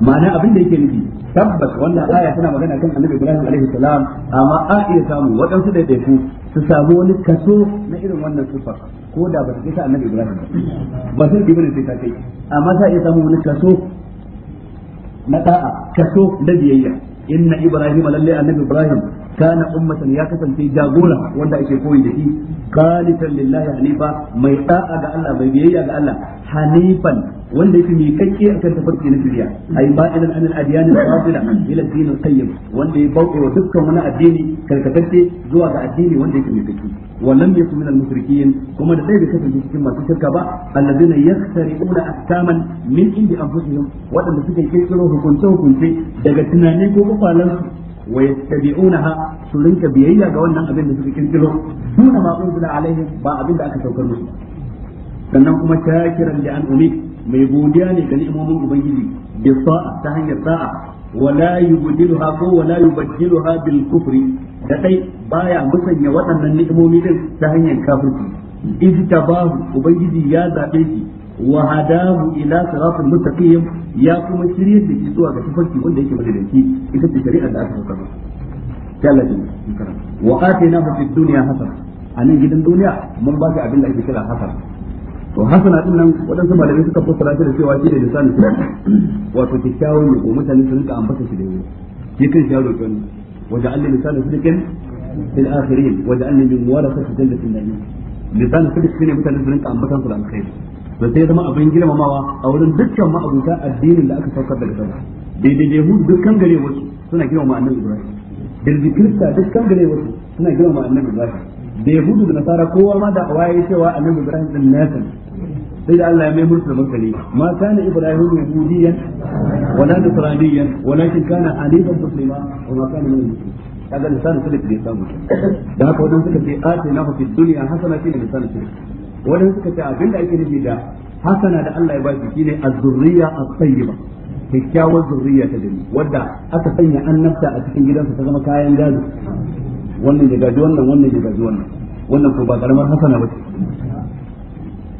ma'ana abin da yake nufi tabbas wannan aya tana magana kan annabi ibrahim alaihi salam amma a iya samu waɗansu da ku su samu wani kaso na irin wannan sifa ko da ba su kai annabi ibrahim ba sai ibn sai ta kai amma ta iya samu wani kaso na da'a kaso da biyayya inna ibrahim lalle annabi ibrahim kana ummatan ya kasance jagora wanda ake koya da shi qalitan lillahi hanifa mai da'a ga Allah mai biyayya ga Allah hanifan wanda yake mai a akan tafarki na shari'a ai ba'ilan an al-adyan al-fasila ila din al wanda ya bauke wa dukkan wani addini karkatacce zuwa ga addini wanda yake mai kakke ولم يكن من المشركين كما da bai kasance cikin masu shirka ba allazina yaktari'una ahkaman min indi anfusihim wadanda suke kirkiro hukunce hukunce daga tunanin ko kwakwalan wa yattabi'unaha su rinka biyayya ga wannan abin da suka kirkiro duna ma unzila ba abin da aka saukar musu sannan kuma shakiran li an umi mai godiya ne ga ni'imomin ubangiji bi sa'a ta hanyar sa'a wala yubdiluha ko wala yubdiluha bil kufri da dai baya musanya waɗannan ni'imomi din ta hanyar kafirci idtabahu ubangiji ya zabe shi wa hadahu ila siratal mustaqim ya kuma shirye da shi zuwa ga tafarki wanda yake madaidaici ita ce shari'a da aka saka ta Allah ji wa atinahu fid dunya hasana anan gidan duniya mun ba ka abin da ake kira hasana to hasana din nan wadansu malamai suka fassara shi da cewa shi ne lisan sura wato kikkiawan ne ko mutane su rinka ambata shi da yau shi kan shi yaro kan waje an lisan sura fil akhirin waje an min warasati jannatin na'im lisan sura ne mutane su rinka ambatan su da alkhairi to sai zama abin girmamawa a wurin dukkan ma'abuta addinin da aka saukar daga sama daidai da yahudu dukkan gare wasu suna girmama annabi ibrahim da kirista dukkan gare wasu suna girmama annabi ibrahim da yahudu da nasara kowa ma da waye cewa annabi ibrahim din nasan sai da Allah ya mai musu da martani ma kana ibrahim yahudiyan wala nasraniyan walakin kana alifan muslima wa ma kana min kaga lisan sulit bai samu da haka wajen suka ce atina fi dunya hasanatin lisan sulit wadanda suka ce abinda ake nufi da hasana da Allah ya ba shi shine az-zurriya at-tayyiba kyakkyawar zurriya ta gari wadda aka sanya annabta a cikin gidansa ta zama kayan gado wannan ya gaji wannan wannan ya gaji wannan wannan ko ba karamar hasana ba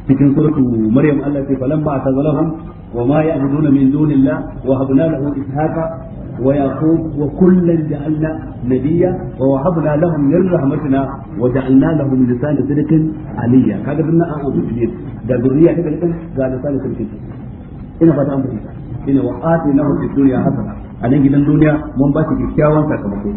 cikin suratu maryam Allah ya ce falamma atazalahum wa ma ya'buduna min dunillah wa habna lahu ishaqa ويعقوب وكلا جعلنا نبيا ووهبنا لهم من رحمتنا وجعلنا لهم لسان صدق عليا هذا قلنا أهل المسلمين ده ذرية كده قال لسان صدق ina fata an fahimta ina wa atinahu fid dunya hasana a nan gidan duniya mun ba shi kyakkyawan sakamako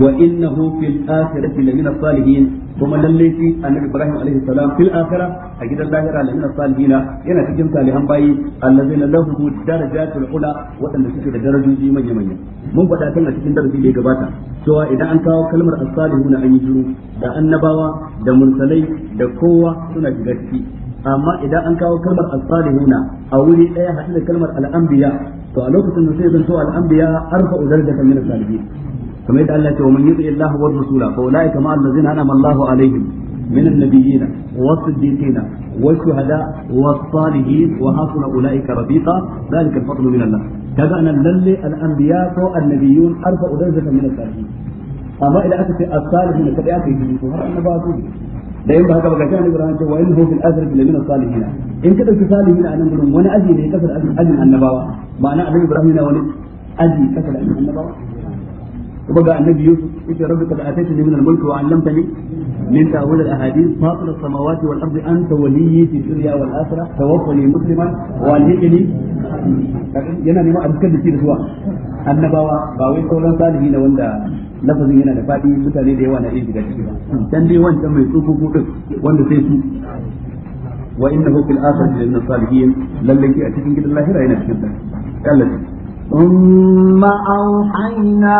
wa innahu fil kuma lalle shi annabi ibrahim alaihi salam fil akhirah a gidan lahira la salihina yana cikin salihan bayi na lahu darajatul ula wadanda suke da darajoji manya manya mun faɗa kan a cikin darasi da ya gabata cewa idan an kawo kalmar as-salihuna an yi shiru da annabawa da mursalai da kowa suna shiga ciki amma idan an kawo kalmar as-salihuna a wuri daya haɗu da kalmar al-anbiya to a lokacin da sai zan so al-anbiya arfa'u darajatan min as-salihin كما allah الله ومن يطع الله والرسول فأولئك مع الذين أنعم الله عليهم من النبيين والصديقين والشهداء والصالحين وحسن أولئك رفيقا ذلك الفضل من الله كذا أن للي الأنبياء والنبيون أرفع درجة من الصالحين amma idan aka ce as-salihin ka dai aka yi biyu har annabawa su da yin ba haka baka kana Ibrahim ce wa innahu fil asr bil min as-salihin in ka dauki salihin a nan gurin wani aji ne kasar ajin annabawa ma'ana annabi Ibrahim yana wani aji kasar ajin annabawa kuma ga annabi yusuf yace rabbi qad ataitani min al-mulki wa 'allamtani min ta'wil al-ahadith fatir as-samawati wal ardi anta waliyyi fi dunya wal akhirah tawaffani musliman wa alhiqni yana nema abkan da shi da zuwa annabawa ba wai sauran salihi na wanda lafazin yana da fadi mutane da yawa na iya shiga ciki ba dan dai wancan mai tsufuku din wanda sai su wa innahu fil akhirati lamin salihin lalle a cikin gidan lahira yana cikin sa Allah ثم أوحينا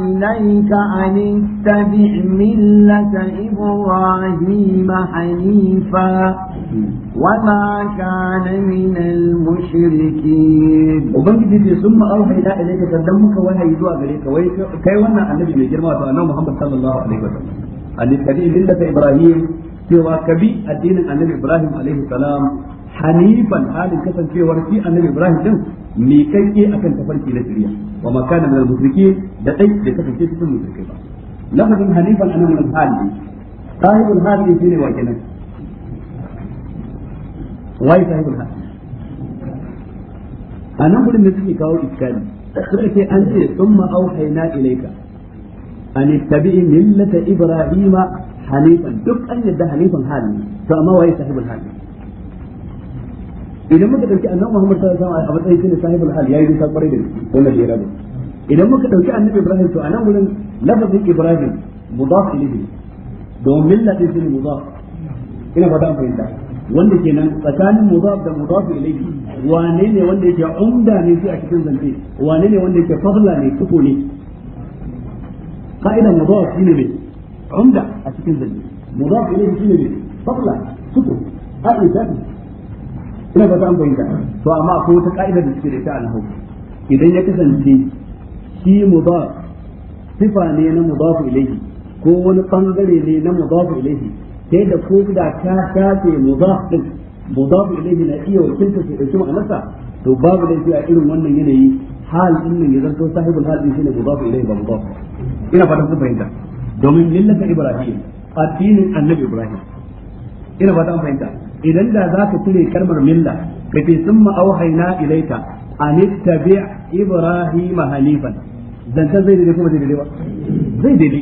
إليك أن اتبع ملة إبراهيم حنيفا وما كان من المشركين وبنجي ثم أوحينا إليك قدمك وهيدوا أغريك كي وانا النبي من جرمات أنه محمد صلى الله عليه وسلم أن اتبع ملة إبراهيم سوى كبي الدين النبي إبراهيم عليه السلام hanifan halin kasancewar shi annabi ibrahim din mi kanke akan tafarki na shari'a wa ma kana min al-mushrikeen da dai da kasance cikin mushrikai ba lafazin hanifan anan min al-hali sahibul hali shine wa kenan wai sahibul hali anan gurin da suke kawo iskali suka ce an ce thumma auhayna ilayka an ittabi'i millata ibrahima hanifan duk an yadda hanifan hali to amma wai sahibul hali idan muka dauki annabi Muhammad sallallahu alaihi wasallam a matsayin shine sahibul hal yayi nisa kwarai da gaske wannan rabu idan muka dauki annabi Ibrahim to anan gurin lafazin Ibrahim mudaf ilayhi domin millati shine mudaf ina fata an fahimta wanda kenan tsakanin mudaf da mudaf ilayhi wane ne wanda yake umda ne shi a cikin zance wane ne wanda yake fadla ne tuko ne ka'idan mudaf shine ne umda a cikin zance mudaf ilayhi shine ne fadla tuko a ita ina ba an fahimta to amma akwai wata ka'ida da suke da ita alhau idan ya kasance shi mudaf sifa ne na mudaf ilayhi ko wani bangare ne na mudaf ilayhi sai da ko da ta shafe mudaf din mudaf ilayhi na iya wakilta shi da kuma anasa to babu da a irin wannan yanayi hal din nan ya zanto sahibul hal din shine mudaf ilayhi ba mudaf ina fatan kun fahimta domin millata ibrahim addinin annabi ibrahim ina fatan fahimta idan da za ka tire kalmar milla ka ce sun ma'auhaina ilaika an biya ibrahim hanifan zanta zai dade kuma zai dade ba zai dade.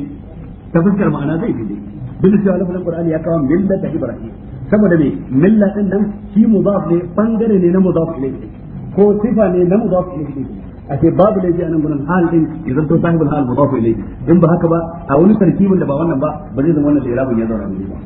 ta fuskar ma'ana zai dade. duk da cewa lafazin qur'ani ya kawo milla ta ibrahim saboda me milla din nan shi mudaf ne bangare ne na mudaf ilayhi ko sifa ne na mudaf ilayhi a ce babu laifi a nan gudun hal din ya zanto sahibin hal mudaf ilayhi in ba haka ba a wani tarkibin da ba wannan ba ba zai zama wannan da rabu ya zaura ne ba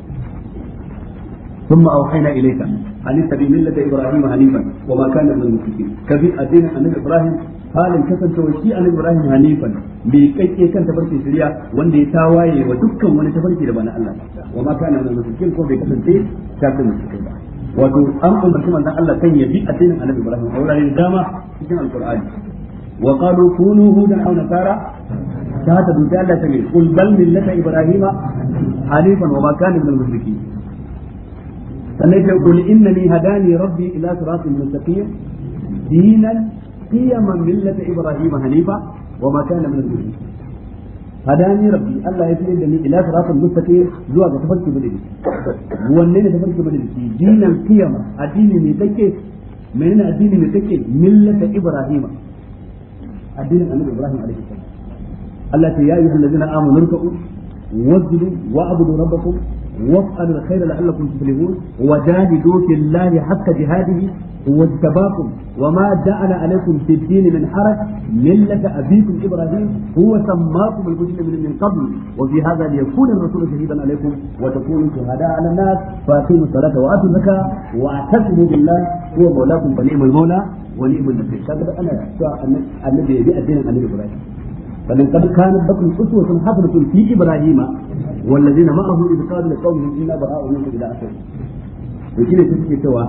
ثم أوحينا إليك أن اتبع ملة إبراهيم حنيفا وما كان من المشركين كبير الدين أن إبراهيم halin kasancewar shi an Ibrahim Hanifan bai kakke kan tafarki shari'a wanda ya tawaye wa dukkan wani tafarki ba na Allah wa ma kana min ko bai kasance kafin mushrikin ba wato an umarci manzon Allah kan ya bi addinin Annabi Ibrahim a wuraren dama cikin Alqur'ani wa qalu kunu hudan aw nasara ta duka Allah ta Ibrahim wa sannan sai qul innani hadani rabbi ila siratin mustaqim dinan qiyama millata ibrahim hanifa wa ma kana min al-mushrikin hadani rabbi Allah ya fiye da ni ila siratin mustaqim zuwa ga tafarki madadi wanne ne tafarki madadi dinan qiyama addini ne take menene addini ne take millata Ibrahim, addinin annabi ibrahim alaihi salam Allah ya yi ayyuhallazina amanu rukuu wasjudu wa'budu rabbakum وافعلوا الخير لعلكم تفلحون وجاهدوا في الله حق جهاده هو اجتباكم وما جعل عليكم في الدين من حرج ملة أبيكم إبراهيم هو سماكم المسلمين من قبل وفي هذا ليكون الرسول شهيدا عليكم وتكونوا شهداء على الناس فأقيموا الصلاة وآتوا الزكاة واعتصموا بالله هو مولاكم فنعم المولى ونعم النصير هذا أنا الذي يبيع الدين عن إبراهيم فلن قد كانت لكم أسوة حسنة في إبراهيم والذين معه إذ قالوا لقومهم إنا براء منكم إلى آخره وكنا تسكي سوا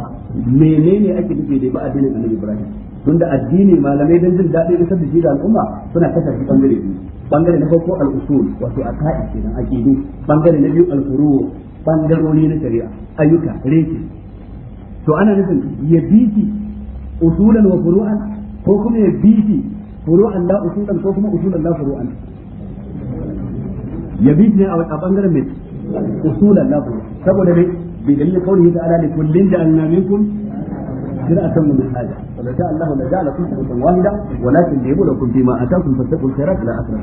menene ake nufi da ba addinin annabi Ibrahim tunda addini malamai dan jin daɗi da da shi da al'umma suna kasa shi bangare biyu bangare na farko al-usul wato aqaid kenan aqidu bangare na biyu al bangarori na shari'a ayyuka reke to ana nufin ya bi wa ko kuma ya furu'an لا usulan ko kuma usulan la furu'an yabi ne a bangaren mai usulan la furu'an saboda ne bi dalilin kaulihi ta'ala li kullin قراءة من هذا ولو شاء الله لجعلكم أمة ولكن ليبلوكم فيما آتاكم فاتقوا الخيرات لا أكره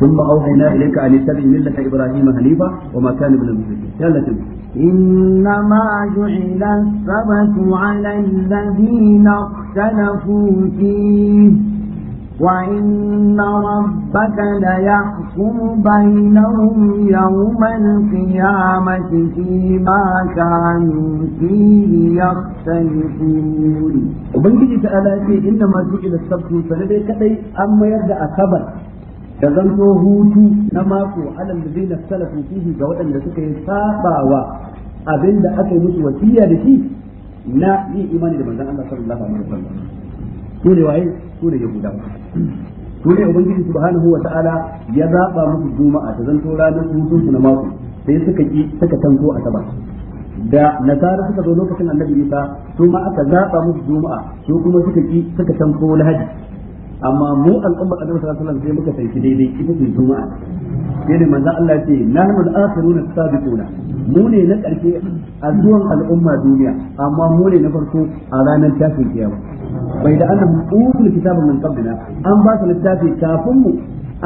ثم أوحينا إليك أن اتبع ملة إبراهيم حنيفا وما كان من المشركين إنما جعل السبت على الذين اختلفوا فيه وإن ربك ليحكم بينهم يوم القيامة فيما كانوا فيه يختلفون وبنجي تعالى في إنما جعل السبت فلدي كتي أما يرجع سبت da zanto hutu na mako alal da zai nastalafu fihi ga waɗanda suka yi sabawa abinda aka yi musu wasiya da shi na yi imani da manzon Allah sallallahu alaihi wasallam su ne waye su ne yahudawa su ne ubangiji subhanahu wa ta'ala ya zaba musu juma'a ta zanto ranar hutun su na mako sai suka ki suka tanko a asabar da nasara suka zo lokacin annabi isa su ma aka zaba musu juma'a su kuma suka ki suka tanko lahadi amma mu al'ummar annabi sallallahu alaihi wasallam sai muka sanki daidai ita ce juma'a sai ne manzo Allah ce nahnu al-akhiruna as-sabiquna mu ne na karshe a zuwan al'umma duniya amma mu ne na farko a ranar tashin kiyama bai da annahum utul kitaba min qablina an ba su littafi kafin mu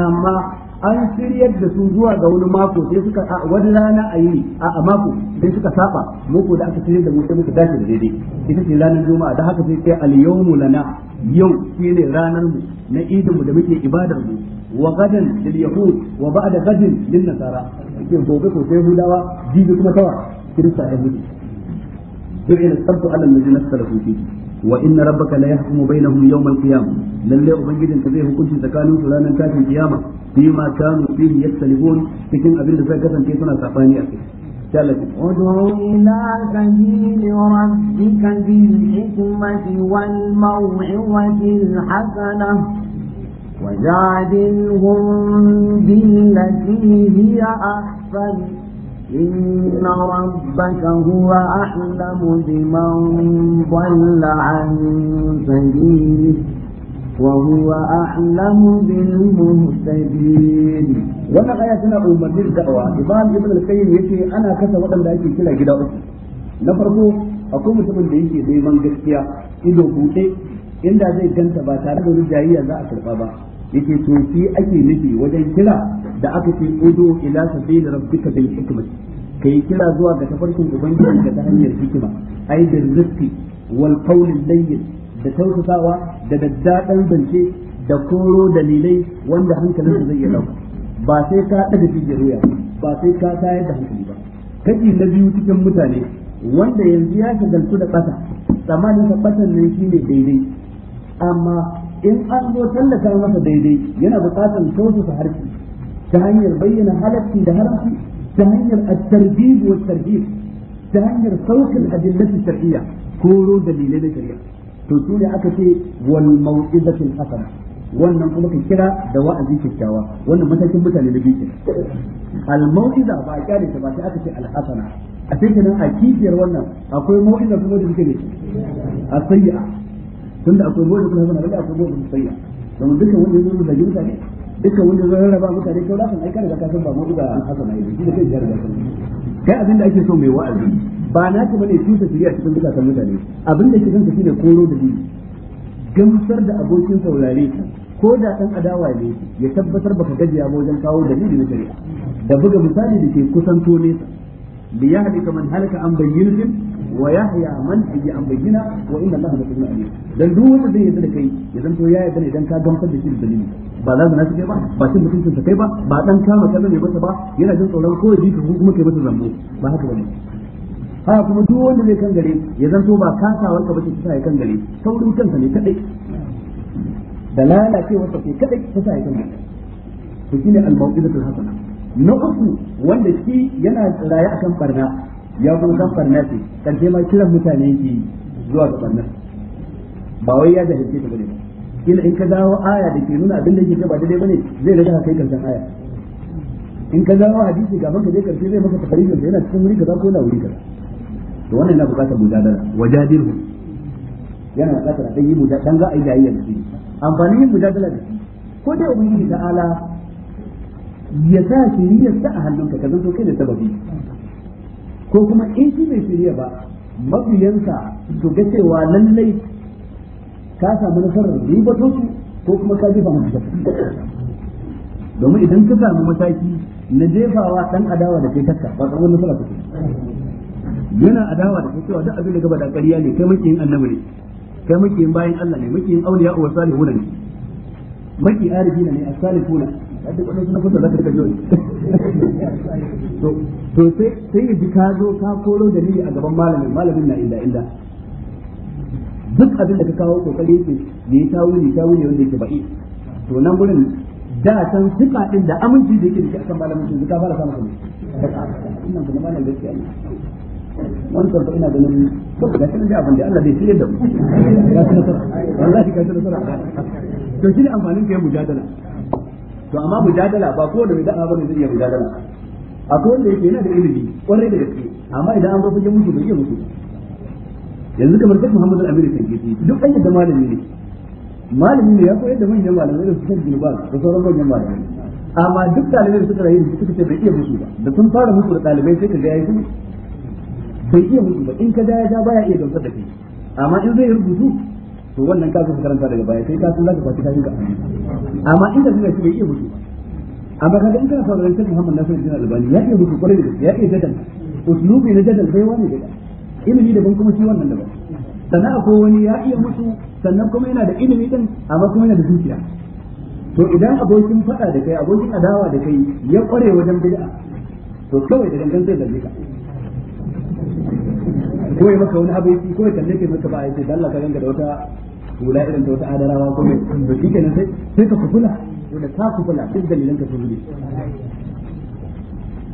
amma an shiryar da su zuwa ga wani mako sai suka a wani rana a yi a mako sai suka saba muku da aka shirya da mu sai muka dace da daidai ita ce ranar juma'a da haka sai kai al-yawmu lana yau shine ranar mu na idin da muke ibadar mu wa gadan lil yahud wa ba'da gadin lin nasara gobe ko sai hudawa jiji kuma tawa kirista ya mutu duk ina sabtu alal ladina salafu fihi وإن ربك لا يحكم بينهم يوم القيامة للي أبنجد كذي هكوشي سكانوا فلانا كاتم القيامة فيما كانوا فيه يختلفون لكن أبن ساكة كيسنا سعطاني أكيد ادعو إلى سبيل ربك بالحكمة والموعظة الحسنة وجادلهم بالتي هي أحسن إن ربك هو أعلم بمن ضل عن سبيله وهو أعلم بالمهتدين wannan aya tana umarnin da'awa imam ibn al-qayyim yace ana kasa waɗanda ake kira gida uku na farko akwai mutumin da yake neman gaskiya ido buɗe inda zai ganta ba tare da wani jayayya za a karba ba yake to shi ake nufi wajen kira da aka ce udu ila sabil rabbika bil hikmati kai kira zuwa ga tafarkin ubangiji ga ta hanyar hikima ai bil rizqi wal qawl layyin da tausasawa da daddadan zance da koro dalilai wanda hankalinsa zai iya dauka ba sai ka daga cikin ruya ba sai ka tayar da hankali ba kashi na biyu cikin mutane wanda yanzu ya shagaltu da ƙasa tsammanin ka ɓatan ne shi ne daidai amma in an zo tallata masa daidai yana buƙatar tausasa harshe ta hanyar bayyana halatti da haramci ta hanyar at-targhib wa tarhib ta hanyar saukin adillati shar'iyya koro dalilai na shari'a to su ne aka ce wal mau'izatil hasana wannan kuma ka kira da wa'azi kyakkyawa wannan matakin mutane na biyu al mau'iza ba a kyale ta ba sai aka ce al hasana a cikin nan a kifiyar wannan akwai mau'iza kuma da suke ne a sayya tunda akwai mau'iza kuma hasana da akwai mau'iza sayya domin dukkan wanda ya zo da ne. duka wanda zai rarraba mutane kyau lafin aikar da kasan ba mutu da hasana ne shi da kai jar da kai abinda ake so mai wa'azi ba na ci bane ta shirya cikin zukatan mutane abinda ke kanka shine koro da dini gamsar da abokin saurare ko da dan adawa ne ya tabbatar baka gajiya ba wajen kawo dalili na shari'a da buga misali da ke kusanto nesa bi ya kamar halaka an bayyana wa من man bi an bayyana wa inna allaha latifun alim dan duk wanda zai yarda da kai ya zanto ya yarda idan ka gamsar da shi da dalili ba za na kai ba ba cin mutuncin sa kai ba ba dan kama kallon ne masa ba yana jin tsoron ko kuma kai masa ba haka kuma duk wanda zai kan gare ya zanto ba kasawar ka bace ta ya kan gare saurin kansa ne kadai da lalacewar sa kadai ta sa ya kan gare to shine al-mawqidatul hasana na uku wanda shi yana raye akan barna ya kuma san farna ce karshe ma kiran mutane yake zuwa ga farna ba wai ya jahilce ta bane ba kila in ka dawo aya da ke nuna abin da yake ba daidai bane zai riga kai karshen aya in ka dawo hadisi ga ka je karshe zai maka tafari da yana cikin wuri kaza ko na wuri kaza to wannan yana bukatar mujadala wajadilhu yana bukatar a yi mujadala dan za a yi jayayya da shi amfani yin mujadala da shi ko dai ubangiji ta'ala ya sa shiriyar sa a hannunka ka zanto kai da sababi ko kuma in shi bai shirya ba mabiyansa su ga cewa lallai ka samu nasarar ribato su ko kuma ka jefa masa domin idan ka samu mataki na jefawa dan adawa da kai takka ba kamar nasara ke. yana adawa da kai cewa duk abin da gaba da ƙarya ne kai makiyin annabi ne kai makiyin bayan Allah ne makiyin auliya wa salihuna ne maki arifi ne as-salihuna to sai sai ya ji ka zo ka koro dalili a gaban malamin malamin na inda inda duk abin da ka kawo kokari yake ya ta wuni ta wuni wanda yake ba'i to nan gurin da san duka din da aminci da yake da kan malamin shi duka fara samu kuma ina ga malamin gaskiya ne wani karfa ina ganin saboda da kin da abin da Allah zai tsire da mu ya san tsira wallahi ka san tsira to shi ne amfanin ka yi mujadala to amma mujadala ba da mai da'a bane zai iya mujadala akwai wanda yake yana da ilimi kwarai da gaske amma idan an zo fagen mutu bai iya mutu yanzu kamar sai Muhammadu Aminu Sankiti duk ayyuka da malami ne malami ne ya koyar da manyan malamai da suke bin ba da sauran manyan malamai amma duk ɗalibai da suka rayu da suka ce bai iya musu ba da sun fara musu da ɗalibai sai ka ga yayi bai iya musu ba in ka da ya baya iya gamsar da kai amma in zai rubutu to wannan kafin su karanta daga baya sai kafin san zaka kwaci kafin ka amma inda suna shi bai iya mutu amma kaga in kana sauraron sai Muhammad na jina Albani ya iya mutu kwarai da ya iya jadal uslubi na jadal bai wani da ilimi ban kuma shi wannan daban sannan akwai wani ya iya mutu sannan kuma yana da ilimi din amma kuma yana da zuciya to idan abokin fada da kai abokin adawa da kai ya kware wajen bid'a to kawai da dangantar da zargi ka ko ya maka wani abinci, ko ya kalle maka ba ya ce Allah ka ganga da wata Wula irin ta wata adarawa ko mai to shi kenan sai sai ka kufula da ka kufula duk dalilan ka sun rubi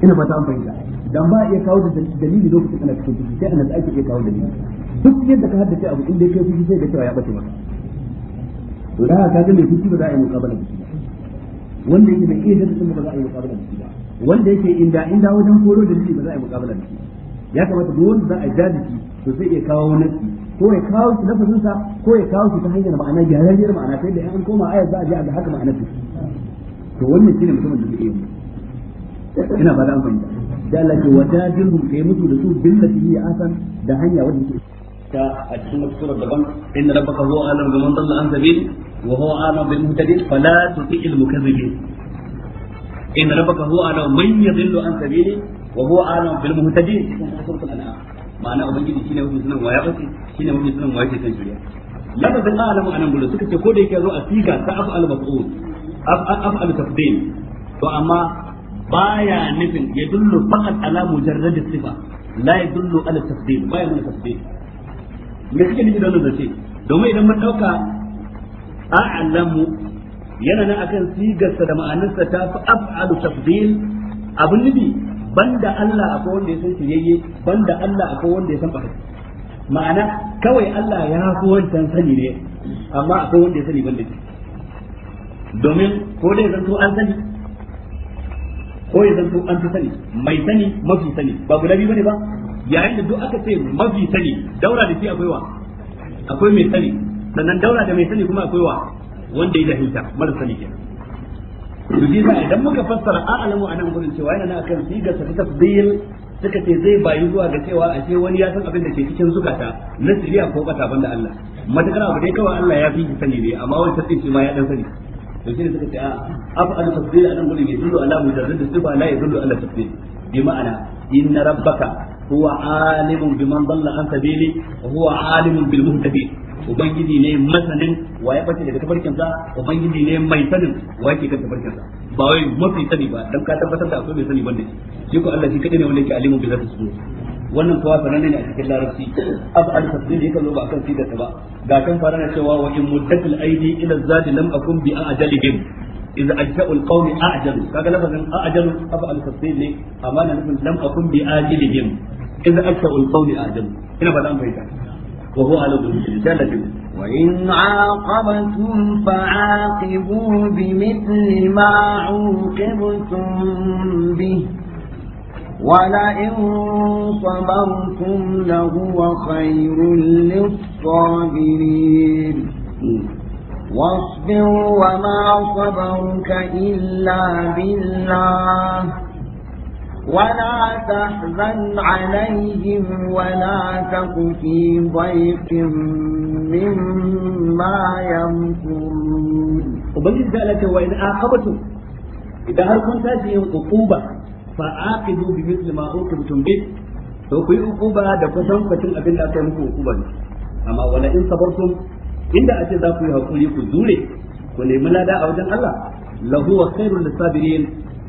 ina fata an fahimta dan ba iya kawo dalili lokacin ana cikin fushi sai annabi ake iya kawo dalili duk yadda ka haddace abu inda kai fushi sai ka cewa ya bace maka to da ka ga mai fushi ba za a yi muqabala da shi wanda yake mai iya haddace ba za a yi muqabala da shi ba wanda yake inda inda wajen koro dalili ba za a yi muqabala da shi ya kamata duk wanda za a jaji to sai iya kawo nasi ko ya kawo shi lafazin sa ko ya kawo shi ta hanyar ma'ana gyararriyar ma'ana sai da an koma ayar za a ji a ga haka ma'anar su to wannan shine mutumin da zai yi ina ba da amfani da Allah ke wata jirgin kai mutu da su billati hi asan da hanya wadda ke ta a cikin wata sura daban inna rabbaka huwa alam bi man dalla an sabil wa huwa alam bil muhtadin fala tuti'il mukazzibin inna rabbaka huwa alam man yadillu an sabili wa huwa alam bil muhtadin cikin suratul an'am ma'ana ubangiji shine mafi sanin wa ya shine mafi sanin wa yake kan shari'a lafazin a'lamu anan gurin suka ce ko da yake zo a siga ta af'al maf'ul af'al tafdil to amma baya nufin ya dullu faqat ala mujarrad sifa la yadullu ala tafdil baya nuna tafdil me kike nufi da wannan zace domin idan mun dauka a'lamu yana nan akan sigarsa da ma'anarsa ta fi af'alu tafdil abun nufi banda Allah akwai wanda ya san shiryayye banda Allah akwai wanda ya san barka ma'ana kawai Allah ya fi wancan sani ne amma akwai wanda ya sani banda shi domin ko dai zanto an sani ko ya zanto an fi sani mai sani mafi sani ba guda biyu bane ba yayin da duk aka ce mafi sani daura da shi akwai wa akwai mai sani sannan daura da mai sani kuma akwai wa wanda ya jahilta mara sani kenan to bi sa idan muka fassara a'lamu anan gurin cewa yana na akan siga ta tafdil suka ce zai bayu zuwa ga cewa ce wani ya san abin da ke cikin zukata na siriya ko bata banda Allah matakar abu dai kawai Allah ya fi sani ne amma wani tafsir shi ma ya dan sani to shine suka ce a afa al tafsir anan gurin ya dullu ala mujarrad sifa la yadullu ala tafsir bi ma'ana inna rabbaka huwa alimun biman dalla an sabili wa huwa alimun bil muhtadin ubangiji ne masanin wa ya bace daga tabarkin sa ubangiji ne mai sanin wa yake kan tabarkin sa ba wai mafi sani ba dan ka tabbatar da akwai mai sani banda shi ko Allah shi kadai ne wanda yake alimu bi zati sudur wannan kuwa sananne ne a cikin larabci al tafsir yake zo ba akan sigar ta ba ga kan fara na cewa wa in muddatil aidi ila zati lam akun bi ajalihim إذا أجزاء القوم أعجل كذا لفظ أعجل أفعل تفصيل لي أما لم أكن بآجلهم إذا أجزاء القوم أعجل هنا بدأ بيتا وهو على ذنوبهم جل وإن عاقبتم فعاقبوا بمثل ما عوقبتم به ولئن صبرتم لهو خير للصابرين واصبر وما صبرك إلا بالله ولا تحزن عليهم ولا تك في ضيق مما يمكرون وبجد ذلك وإن عاقبتم إذا هل كنت عقوبة فعاقبوا بمثل ما عوقبتم به to ku yi ukuba da kusan kwacin abin da aka yi muku ukuba ne amma wala in sabartum inda ake za ku yi hakuri ku zure, ku nemi lada a wajen Allah lahu wa khairul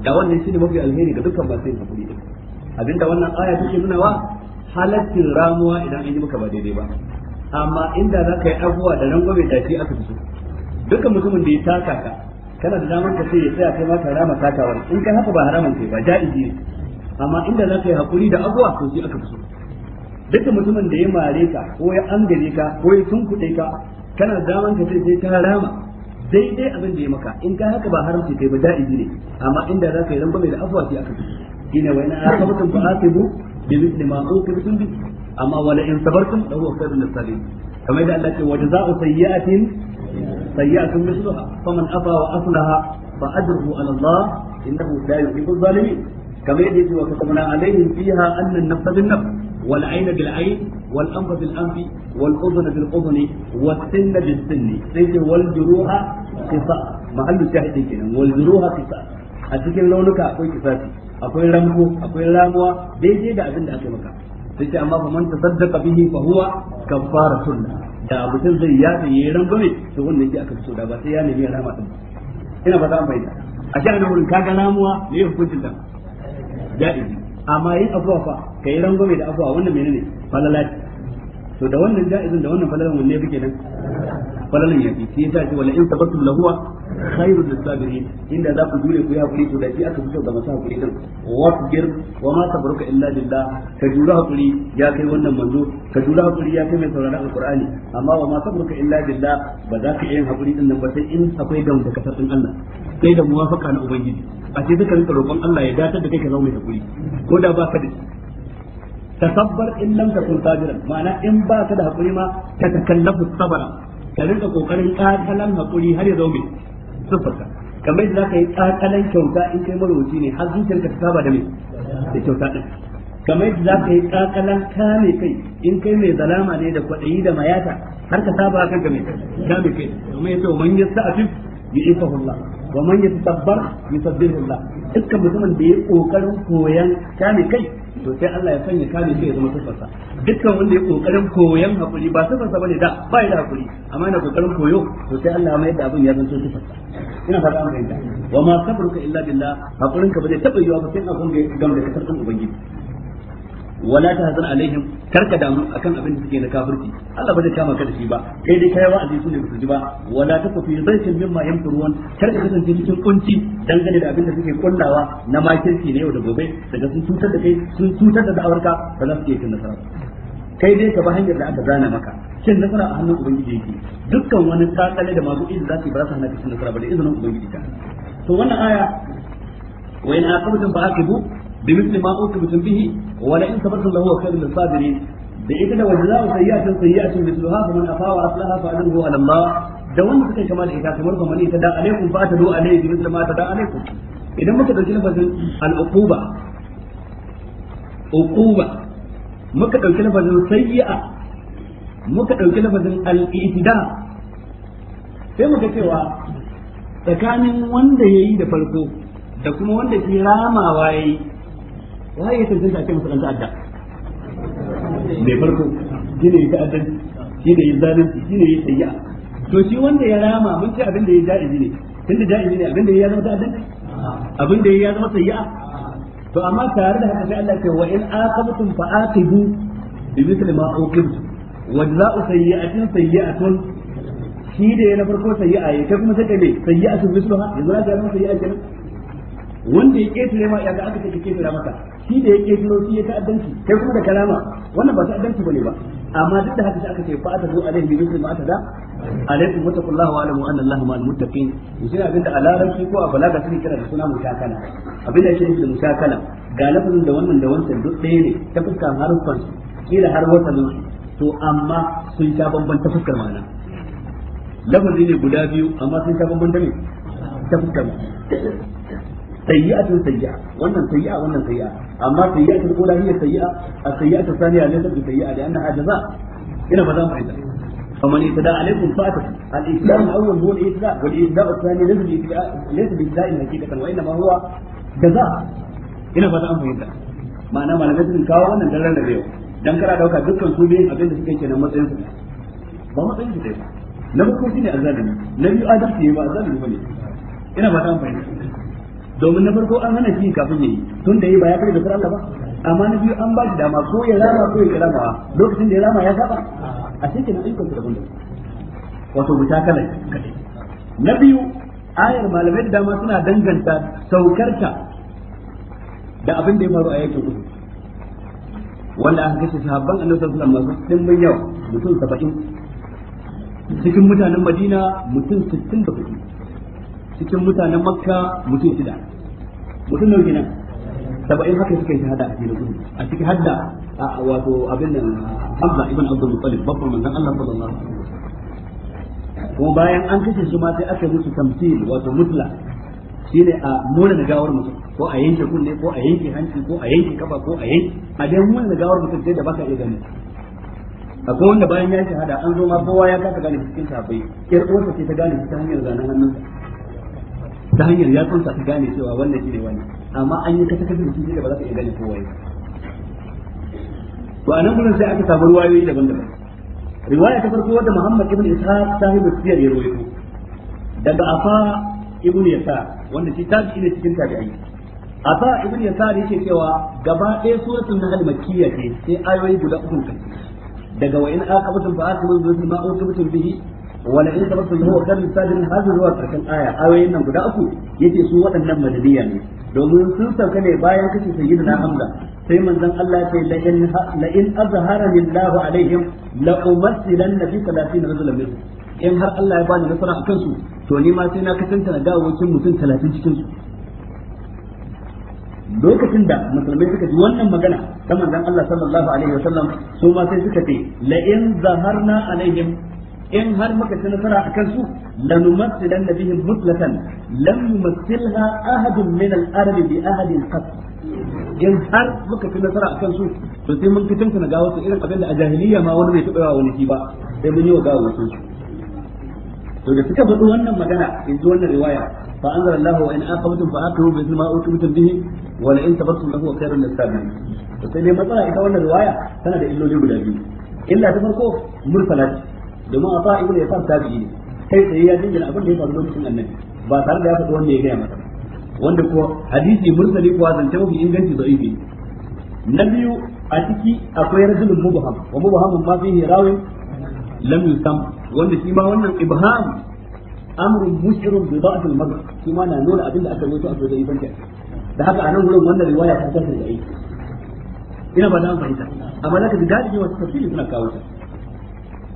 da wannan shine mafi alheri ga dukkan masu yin hakuri din abinda wannan aya take nuna wa halaccin ramuwa idan an yi maka ba daidai ba amma inda za ka yi abuwa da rangwame da shi aka fi so dukkan mutumin da ya taka ka kana da damar ka sai ya tsaya kai maka ka rama takawar in kai haka ba haramun kai ba ja'izi ne amma inda za ka yi hakuri da abuwa to shi aka fi so dukkan mutumin da ya mare ka ko ya angare ka ko ya tunkuɗe ka kana da damar ka sai sai ta rama daidai abin da ya maka in ka haka ba haramci kai ba ne amma inda za ka yi ramba mai da afwa sai aka fi shine wa ina asabatum fa asibu bi bi amma in sabartum huwa kamar yadda Allah faman afa wa aslaha fa ajruhu ala Allah innahu la yuhibbu kamar yadda yake wa alaihim fiha nafsa bin-nafs wal aina bil ayn wal anfa bil anfi wal udhna bil udhni was sai ce wal juruha qisa mahallu shahidi kenan a cikin akwai akwai ramuwa daidai da abin da maka sai ce amma fa man tasaddaqa bihi fa huwa kaffaratun da mutum zai yafe yayin rambo ne to wannan shi aka so da ba sai ya nemi rama din ina ba za mu a shi wurin kaga ramuwa ne hukuncin da da'ibi amma yin abuwa fa kai rangwame da afuwa wannan menene falala to da wannan jaizin da wannan falalan wanne yake nan falalan ya fi sai sai wala in sabatum lahu khairul sabirin inda za ku jure ku yi hakuri to da shi aka fito ga masu hakuri din wasbir wa ma sabruka illa billah ka jura hakuri ya kai wannan manzo ka jura hakuri ya kai mai sauraron alqur'ani amma wa ma sabruka illa billah ba za ka yi hakuri din nan ba sai in akwai da wanda kasafin Allah sai da muwafaka na ubangiji a ce duka roƙon Allah ya datar da kai ka zama mai hakuri ko da ba ka da tasabbar in lam takun sabiran ma'ana in ba ka da hakuri ma ka takallafu sabara ka rinka kokarin kakalan hakuri har ya zo mai sifarka kamar yadda zaka yi kakalan kyauta in kai marwaci ne har zuciyarka ta saba da mai da kyauta din kamar yadda zaka yi kakalan kame kai in kai mai zalama ne da kwaɗayi da mayata har ka saba kanka mai kame kai domin ya ce man yu'ifahu Allah wa man yatasabbar yusabbihu Allah dukkan mutumin da ya kokarin koyan kame kai to sai Allah ya sanya kame kai ya zama sifarsa dukkan wanda ya kokarin koyan hakuri ba sifarsa bane da ba ya hakuri amma yana kokarin koyo to sai Allah ya mai da abin ya zanto sifarsa ina fata an fahimta wa ma sabruka illa billah hakurinka ba zai taba yiwa ba sai abin da ya gamu da kasar ubangiji wala ta hazan alaihim karka damu akan abin da suke na kafirci Allah ba zai kama ka da shi ba kai dai kai wa'azi su ne ba su ji ba wala ta kufi zaitun mimma yamkurun karka kasance cikin kunci dangane da abin da suke kullawa na makirci ne yau da gobe daga sun tutar da kai sun tutar da da'awarka ba za su iya cin nasara kai dai ka ba hanyar da aka zana maka cin nasara a hannun ubangiji yake dukkan wani kakale da mabu idan za su yi ba za su hana ka cin nasara ba da izinin ubangiji ka to wannan aya wa in aqabtum fa بمثل ما أوصفتم به ولئن صبرتم لهو خير للصابرين da ita da wajza'u sayyi'atin sayyi'atin mithluha fa man afa wa aslaha fa ajruhu 'ala Allah da wanda suka kama ita kamar kamar ita da alaikum fa tadu alaihi bi mithli ma tada alaikum idan muka dauki lafazin al-uquba uquba muka muka dauki lafazin al-i'tida sai muka cewa tsakanin wanda yayi da farko da kuma wanda ke ramawa yayi waye ya tantance a ce masa dan adda? mai farko shine ya shi shine ya zalunci shine ya sayya to shi wanda ya rama mun ce abin da ya ja'izi ne tunda ja'izi ne abin da ya zama ta'addanci abin da ya zama sayya to amma tare da haka sai Allah ce wa in aqabtum fa aqibu bi mithli ma uqibtum wa jazaa'u sayyi'atin sayyi'atun shi da ya na farko sayyi'a ya kai kuma sai kai me sayyi'atun misluha yanzu za ka yi sayyi'a kenan wanda ya ketare ma ga aka ce ka ketare maka shi da ya ketaro shi ya ta'addanci kai kuma da kalama wannan ba ta'addanci bane ba amma duk da haka sai aka ce fa atadu alaihi bi mithli ma da alaikum wattaqullaha wa alamu anna allaha ma'al muttaqin shi ne abinda a larabci ko a balaga suke kira da suna mutakala abinda shi ne mutakala ga lafazin da wannan da wancan duk ɗaya ne ta fuskar harufan kila har wata su to amma sun sha bamban ta fuskar ma'ana lafazi ne guda biyu amma sun sha bamban da ne ta fuskar sayyi'atun sayyi'a wannan sayyi'a wannan sayyi'a amma sayyi'atul ula hiya sayyi'a as-sayyi'atu thaniya laysa bi sayyi'a da annaha jaza فمن اهتدى عليكم فاتوا الاسلام الاول هو الاهتداء والاهتداء الثاني ليس باهتداء ليس باهتداء حقيقه وانما هو جزاء ina ba za mu fahimta ma'ana malamai sun kawo wannan dan ranar yau dan kana dauka dukkan su biyan abin da suke kenan matsayin su ba matsayin su dai na farko shine azalimi na biyu adalci ba azalimi bane ina ba za fahimta domin na farko an hana shi kafin yayi tun da yi ba ya kai da Allah ba amma na biyu an ba shi dama ko ya rama ko ya rama lokacin da ya rama ya saba a cikin ayyukan da bunda wato mutakala kadai na biyu ayar malamai da dama suna danganta saukarta da abin da ya faru a yakin Uhud wanda aka kashe sahabban annabi sallallahu alaihi wasallam masu dimbin yawa mutum 70 cikin mutanen Madina mutum 64 cikin mutanen makka mutum shida mutum nawa kenan saba'in haka suka yi shahada a cikin gudu a cikin hadda wato abin nan hamza ibn abdul muttalib babban manzon Allah sallallahu alaihi wasallam kuma bayan an kashe su ma sai aka musu tamsil wato mutla shine a mona na gawar mutum ko a yanke kunne ko a yanke hanci ko a yanke kafa ko a yanke a dai mona gawar mutum sai da baka iya gani akwai wanda bayan ya shahada an zo ma kowa ya kasa gane cikin sahabbai yar uwarsa ce ta gane ta hanyar zanen hannunsa ta hanyar ya tsunta ka gane cewa wannan ne wani amma an yi ta ta kafin shi da ba za ka iya gane kowa ya to anan gurin sai aka samu ruwayoyi daban-daban riwaya ta farko wadda Muhammad ibn Ishaq sahibu siyar ya rawaito daga Afa ibn Yasa wanda shi tabi'i ne cikin tabi'ai Afa ibn Yasa yake cewa gaba ɗaya suratul Nahl makkiyya ce sai ayoyi guda uku kai daga wa in aqabtum fa aqibul bi ma mutum bihi wala in ka basu huwa kan sajin hadu zuwa karshen aya ayoyin nan guda uku yace su waɗannan madaniya ne domin sun sauka ne bayan kace sayyidina hamza sai manzon Allah ya ce la in la in azhara lillahu alaihim la umassilanna fi 30 rajulan minhum in har Allah ya bani nasara akan su to ni ma sai na kasanta na gawokin mutum 30 cikin su lokacin da musulmai suka ji wannan magana ta manzon Allah sallallahu alaihi wasallam su ma sai suka ce la in zaharna alaihim in har muka ci nasara akan su lanumassilan nabihim mutlaqan lam yumassilha ahadun min al-ardi bi ahadin qat in har muka ci nasara akan su to sai mun fitin na gawo su irin abin da a jahiliya ma wani bai taba wani shi ba sai mun yi wa gawo su to da suka faɗi wannan magana in ji wannan riwaya fa anzara Allah wa in aqabtum fa aqimu bi ma utum bihi wa la in tabattum lahu khairun lis-sabirin to sai dai matsala ita wannan riwaya tana da illoli guda biyu illa ta farko mursalat domin a fa'a ibn yasar tabi'i ne kai tsaye ya jingina abin da ya faru lokacin annabi ba tare da ya faɗi wanda ya gaya masa wanda ko hadisi mursali kuwa zance mafi inganci da ibi na biyu a ciki akwai rajulun mubaham wa mubahamun ma fihi rawin lam yusam wanda shi ma wannan ibham amrun mushrun bi da'f al madh shi ma na nuna abin da aka rubuta a cikin ibanta da haka anan gurin wannan riwaya ta tafi da aiki ina ba da an fahimta amma ka ji galibi wasu tafsiri suna kawo ta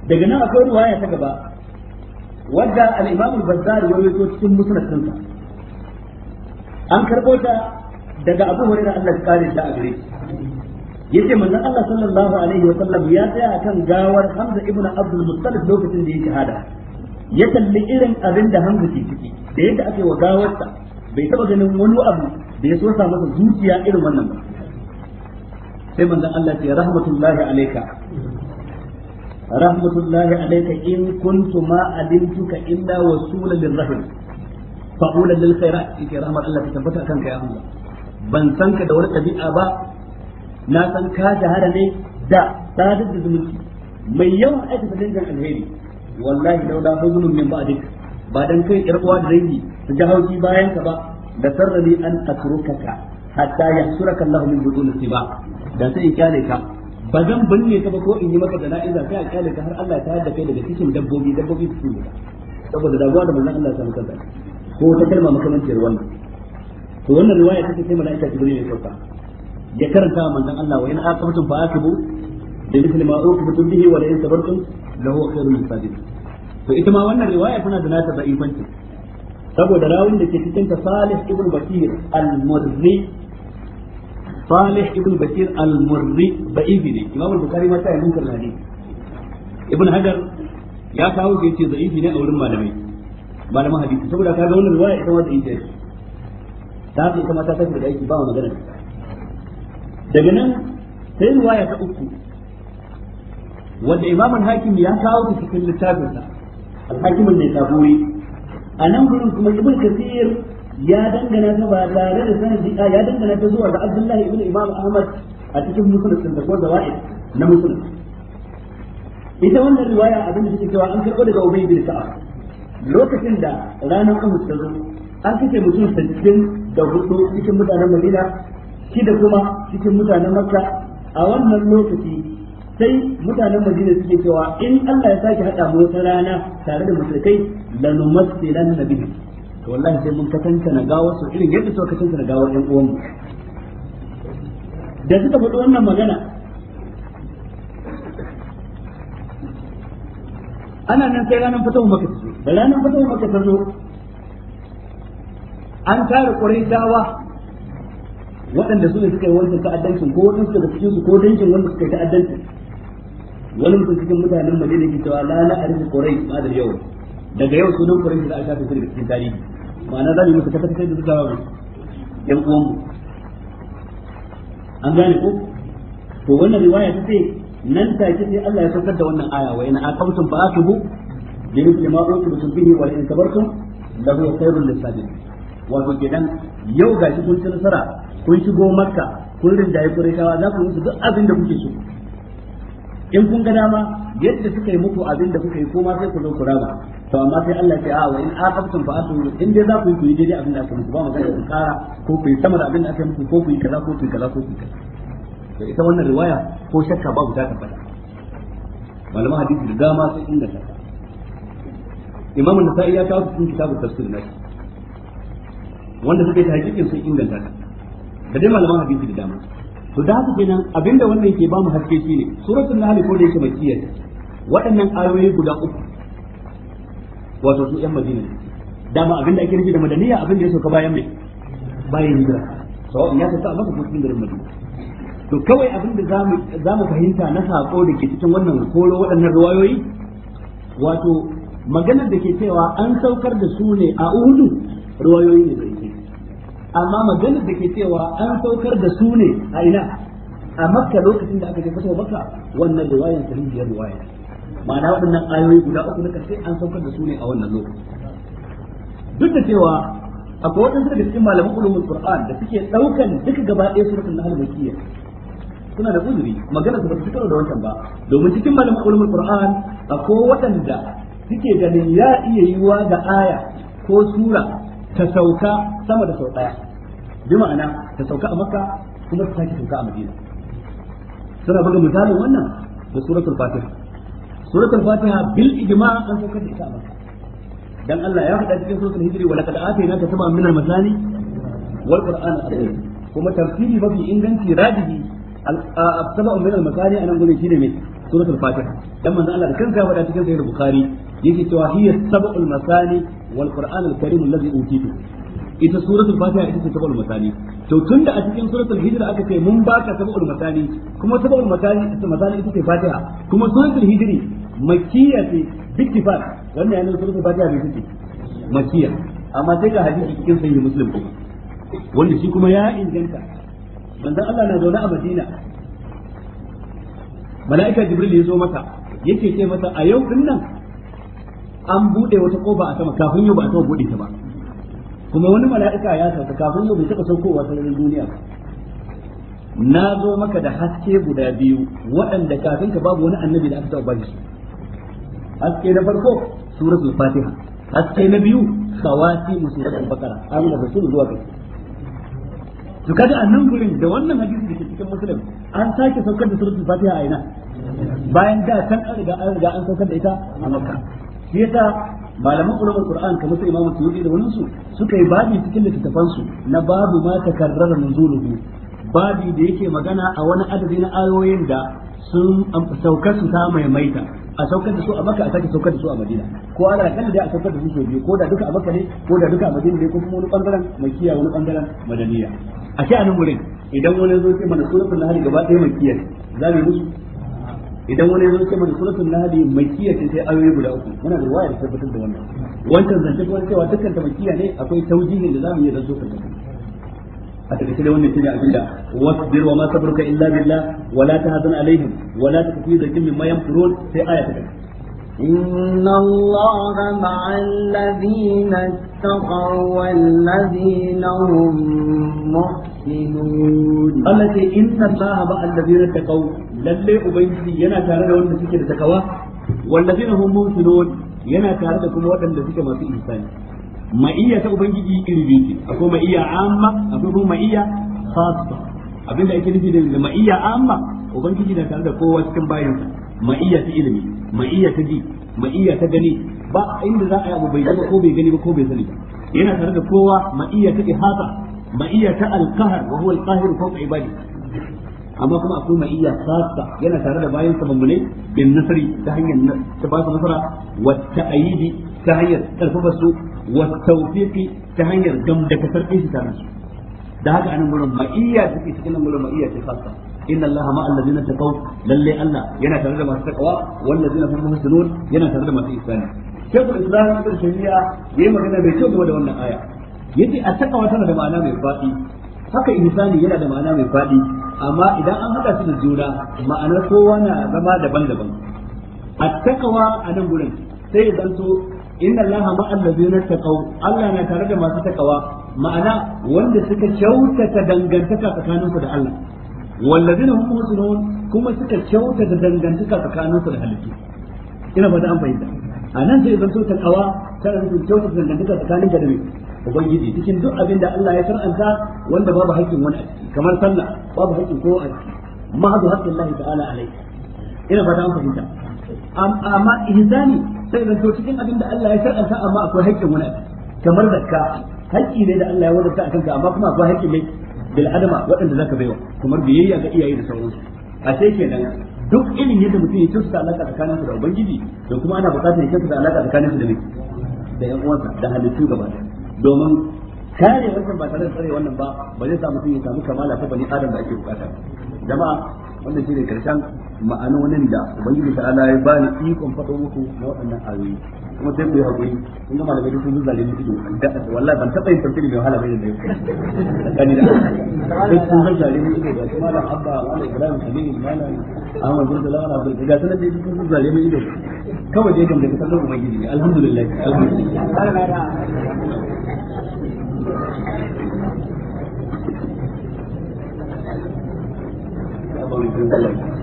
daga nan akwai ruwaya ta gaba wadda al-Imam al-Bazzar ya rawaito cikin musnad an karbo ta daga Abu Hurairah Allah ya kare shi a gare yace manzon Allah sallallahu alaihi wa sallam ya tsaya akan gawar Hamza ibn Abdul Muttalib lokacin da ya hada ya kalli irin abin da Hamza ke ciki da yadda ake wa gawarsa bai taba ganin wani abu da ya so sa masa zuciya irin wannan ba sai manzon Allah ya rahmatullahi alayka rahmatullahi alayka in kuntu ma adintuka illa wasula lirrahim fa'ula lil khairat yake rahmar Allah ta tabbata akan kai Allah ban san ka da wani tabi'a ba na san ka shahara ne da sadar da zumunci mai yawan aikata dangan alheri wallahi laula fazlun min ba'dik ba dan kai irbuwa da dangi su ji hauki bayan ka ba da sarrani an atrukaka hatta yahsuraka Allah min budun siba da sai in kyale ka ba zan binne ka ba ko in yi maka jana'iza sai a kyale ka har Allah ta yadda kai daga cikin dabbobi dabbobi su ne saboda da da manzon Allah sallallahu alaihi wasallam ko ta kalma makamanciyar wannan to wannan riwaya take sai mala'ika jibril ya sauka ya karanta wa manzon Allah wa in aqabtum fa aqibu da mithli ma uqibtum bihi wa la in sabartum la huwa khairul lisabir to ita ma wannan riwaya tana da nata da'ifanci saboda rawin da ke cikin ta Salih ibn Bakir al-Murri salih ibn bakir al-murri ba'ifi ne imam al-bukhari ma ta yi munkar hadisi ibn hajar ya kawo da yace da'ifi ne a wurin malamai malaman hadisi saboda kaga wannan riwaya ita ma da'ifi ce ta haka ita ta tafi da aiki ba magana daga nan sai riwaya ta uku wanda imam al ya kawo cikin littafinsa al-hakim a nan gurin kuma ibn kathir ya dangana ta ba tare da sanadi ya dangana ta zuwa ga Abdullahi ibn Imam Ahmad a cikin musulun da ko zawaid na musulun ita wannan riwaya abin da suke cewa an karɓo daga Ubay bin lokacin da ranar Uhud ta zo an kace mutum 60 da hudu cikin mutanen Madina shi da kuma cikin Makka a wannan lokaci sai mutanen Madina suke cewa in Allah ya sake hada mu wata rana tare da musulkai lanumassilan nabi to wallahi sai mun katanta na gawar su irin yadda suka katanta na gawar ɗan uwanmu da suka faɗi wannan magana ana nan sai ranar fatawa maka su da ranar fatawa maka ta zo an tare ƙwarai dawa waɗanda su ne suka yi wancan ta'addancin ko waɗansu daga cikin su ko dangin wanda suka yi ta'addancin wani mutum cikin mutanen madina ke cewa la a arifu ƙwarai ma da yau daga yau sunan ƙwarai da aka da cikin tarihi ma'ana za mu musu kata kai da suka hawa yan uwan mu an gane ko to wannan riwaya ta ce nan ta ce sai Allah ya saukar da wannan aya wa ina aqamtum fa aqibu bi mithli ma uqibatum bihi wa in sabartum huwa khairul wa wato gidan yau gashi kun ci nasara kun shigo makka kun rinjaye kurekawa za ku musu duk abin da kuke so in kun ga dama yadda suka yi muku abin da kuka yi ma sai ku zo ku raba to amma sai Allah ya a ah, wa in aqabtum fa asu in dai za ku yi ku yi daidai abin da aka muku ba magana ku kara ko ku yi sama da abin da aka muku ko ku yi kaza ko ku yi kaza ko ku yi kaza to ita wannan riwaya ko shakka babu ta tabbata malaman hadisi da dama sun inda ta imamu nasa'i ya kawo cikin kitabun tafsir shi. wanda suke yi ta hakikin sun inganta ta da dai malaman hadisi da dama to da haka kenan abinda wannan ke ba mu haske shine suratul nahl ko da yake makkiyya waɗannan ayoyi guda uku wato su yan madina dama abin da ake nufi da madaniya abin da ya soka bayan mai bayan hijira in ya sauka a masa ko cikin garin madina to kawai abin da za mu fahimta na sako da ke cikin wannan koro waɗannan ruwayoyi wato maganar da ke cewa an saukar da su ne a uhudu ruwayoyi ne zai amma maganar da ke cewa an saukar da su ne a ina a makka lokacin da aka je fito baka wannan ruwayan sahihiyar ruwaya ma'ana waɗannan ayoyi guda uku na karshe an saukar da su ne a wannan lokaci duk da cewa akwai waɗansu daga cikin malaman ulumul qur'an da suke ɗaukan duka gaba ɗaya suratul nahl makiyya suna da uzuri magana su ba su da wancan ba domin cikin malaman ulumul qur'an akwai waɗanda suke ganin ya iya yiwa da aya ko sura ta sauka sama da sau ɗaya bi ma'ana ta sauka a makka kuma ta sake sauka a madina suna buga misalin wannan da suratul fatiha suratul fatiha bil ijma' an saukar da ita a makka Allah ya faɗa cikin suratul hijri wa laqad atainaka sab'an min al-masani wal qur'an al-azim kuma tafsiri mafi inganci radihi sab'an min al-masani anan gurin shine me suratul fatiha dan manzo Allah da kansa ya faɗa cikin sahih bukari yake cewa hiya sab'ul masani wal qur'an al ita suratul fatiha ita ce sabul masani to tunda a cikin suratul hijra aka ce mun baka sabul masani kuma sabul masani masani ita ce fatiha kuma suratul hijri makkiya ce bittifaq wannan yana suratul fatiha ne take makkiya amma sai ga hadisi cikin sahih muslim kuma wanda shi kuma ya inganta manzon Allah na zaune a Madina mala'ika Jibril ya zo masa yake ce masa a yau din an bude wata koba a sama kafin yau ba a taɓa bude ta ba kuma wani mala'ika ya sauka kafin yau bai taɓa saukowa sararin duniya ba na zo maka da haske guda biyu waɗanda kafin ka babu wani annabi da aka taɓa bari haske na farko suratul fatiha haske na biyu khawati musuratul bakara amma da sun zuwa kai to kaga annan nan gurin da wannan hadisi da ke cikin muslim an sake saukar da suratul fatiha a ina bayan da can an riga an riga an saukar da ita a makka shi yasa malaman ulumul qur'an kamar su imamu suyuti da wannan su suka yi babi cikin littattafan su na babu ma takarrara nuzuluhu babi da yake magana a wani adadi na ayoyin da sun saukar su ta maimaita a saukar da su a makka a sake saukar da su a madina ko ala kan da a saukar da su sau biyu ko da duka a makka ne ko da duka a madina ne ko kuma wani bangaren makiya wani bangaren madaniya a ce a nan wurin idan wani zo ce mana suratul nahl gaba ɗaya makiya za mu musu idan wani zo cewa suratul nahl makkiya ce sai ayoyi guda uku muna da waya da tabbatar da wannan wancan zance kuma cewa dukkan ta makkiya ne akwai taujihin da zamu yi da zuwa a take da wannan shine abinda wasbir wa ma sabruka illa billah wa la tahzan alaihim wa la takfi zakim mimma yamkurun sai aya ta إن الله مع الذين اتقوا والذين هم محسنون mu'minun Allah ce inna Allah ba allazina taqaw lalle ubangiji yana tare da wanda suke da takawa wallazina hum yana tare da kuma waɗanda suke masu ihsani ma'iyya ta ubangiji iri akwai ma'iyya amma akwai kuma ma'iyya abin da ake nufi da ma'iyya amma ubangiji na tare da kowa cikin bayansa ma'iyya ta ilimi ma'iyya ta ji ma'iyya ta gani ba inda za a yi abu bai zama ko bai gani ba ko bai sani yana tare da kowa ma'iyya ta ihata ma'iyya ta alqahar wa huwa alqahir fawqa ibadi amma kuma akwai ma'iyya sassa, yana tare da bayan sababune bin nasri ta hanyar ta ba su nasara wa ta'ayidi ta hanyar karfafa su wa tawfiqi ta hanyar gamdakatar din shi tare su da haka anan gurin ma'iyya take cikin nan gurin ma'iyya ce sassa. inna allaha ma'al ladina taqaw lalle allah yana tare da masu taqwa wal ladina hum muhsinun yana tare da masu ihsani shekul islam ibn taymiya yayi magana mai kyau game da wannan aya yace a takawa tana da ma'ana mai faɗi haka insani yana da ma'ana mai faɗi amma idan an haɗa su da juna ma'anar kowa na zama daban-daban a takawa a nan gurin sai ya zanto inna allaha ma'al ladina taqaw Allah na tare da masu takawa ma'ana wanda suka kyautata dangantaka tsakaninsu da Allah wallazina hum muslimun kuma suka kyautata dangantaka tsakaninsu da halitta ina da an fahimta a nan sai zanto takawa tana nufin kyautar dangantaka tsakanin ka da ubangiji cikin duk abin da Allah ya shar'anta wanda babu haƙƙin wani a kamar sallah babu haƙƙin ko a ciki mahadu haƙƙin Allah ta'ala alai ina fata an fahimta amma ihsani sai zanto cikin abin da Allah ya shar'anta amma akwai haƙƙin wani a ciki kamar zakka haƙƙi ne da Allah ya wadanta akan ka amma kuma akwai haƙƙin ne bil adama waɗanda zaka baiwa kamar biyayya ga iyaye da sauransu a sai kenan duk irin yadda mutum ya kyautata alaka su da ubangiji da kuma ana buƙatar ya kyautata alaka su da mai da yan uwansa da halittu gaba domin kare wancan ba tare da tsare wannan ba ba zai sa mutum ya samu kamala ta bani adam da ake bukata jama'a wannan shine karshen ma'anonin da ubangiji ta ala ya ba ni ikon faɗo muku na waɗannan ayoyi kuma sai ku haƙuri kun ga malamai da sun zo zalimi ido wallahi ban taɓa yin tafsiri mai wahala bai da yau da sai kun zo zalimi ido ga kuma da abba wala ibrahim khalil malam ahmad bin salama abdul ga sanan dai kun kawai dai kan da sallan ubangiji alhamdulillah alhamdulillah Thank you.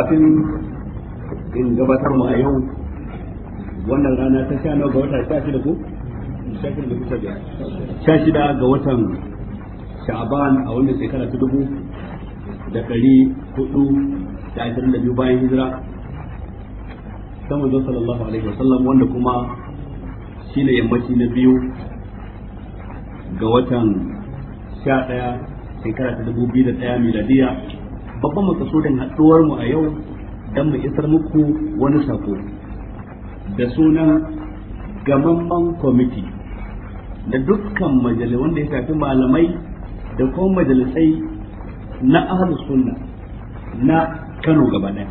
kafin in gabatar mu a yau wannan rana ta sha nawa ga wata sha shida ko sha shida ga watan shaban a wannan shekara ta dubu da ɗari hudu da ashirin da biyu bayan hijira ta manzo sallallahu alaihi wasallam wanda kuma shi ne yammaci na biyu ga watan sha ɗaya shekara ta dubu biyu da ɗaya miladiya babban makasudin haɗuwar mu a yau don mu isar muku wani sako da sunan gamamman kwamiti da dukkan majalai wanda ya shafi malamai da kuma majalisai na ahlus sunna na Kano gaba ɗaya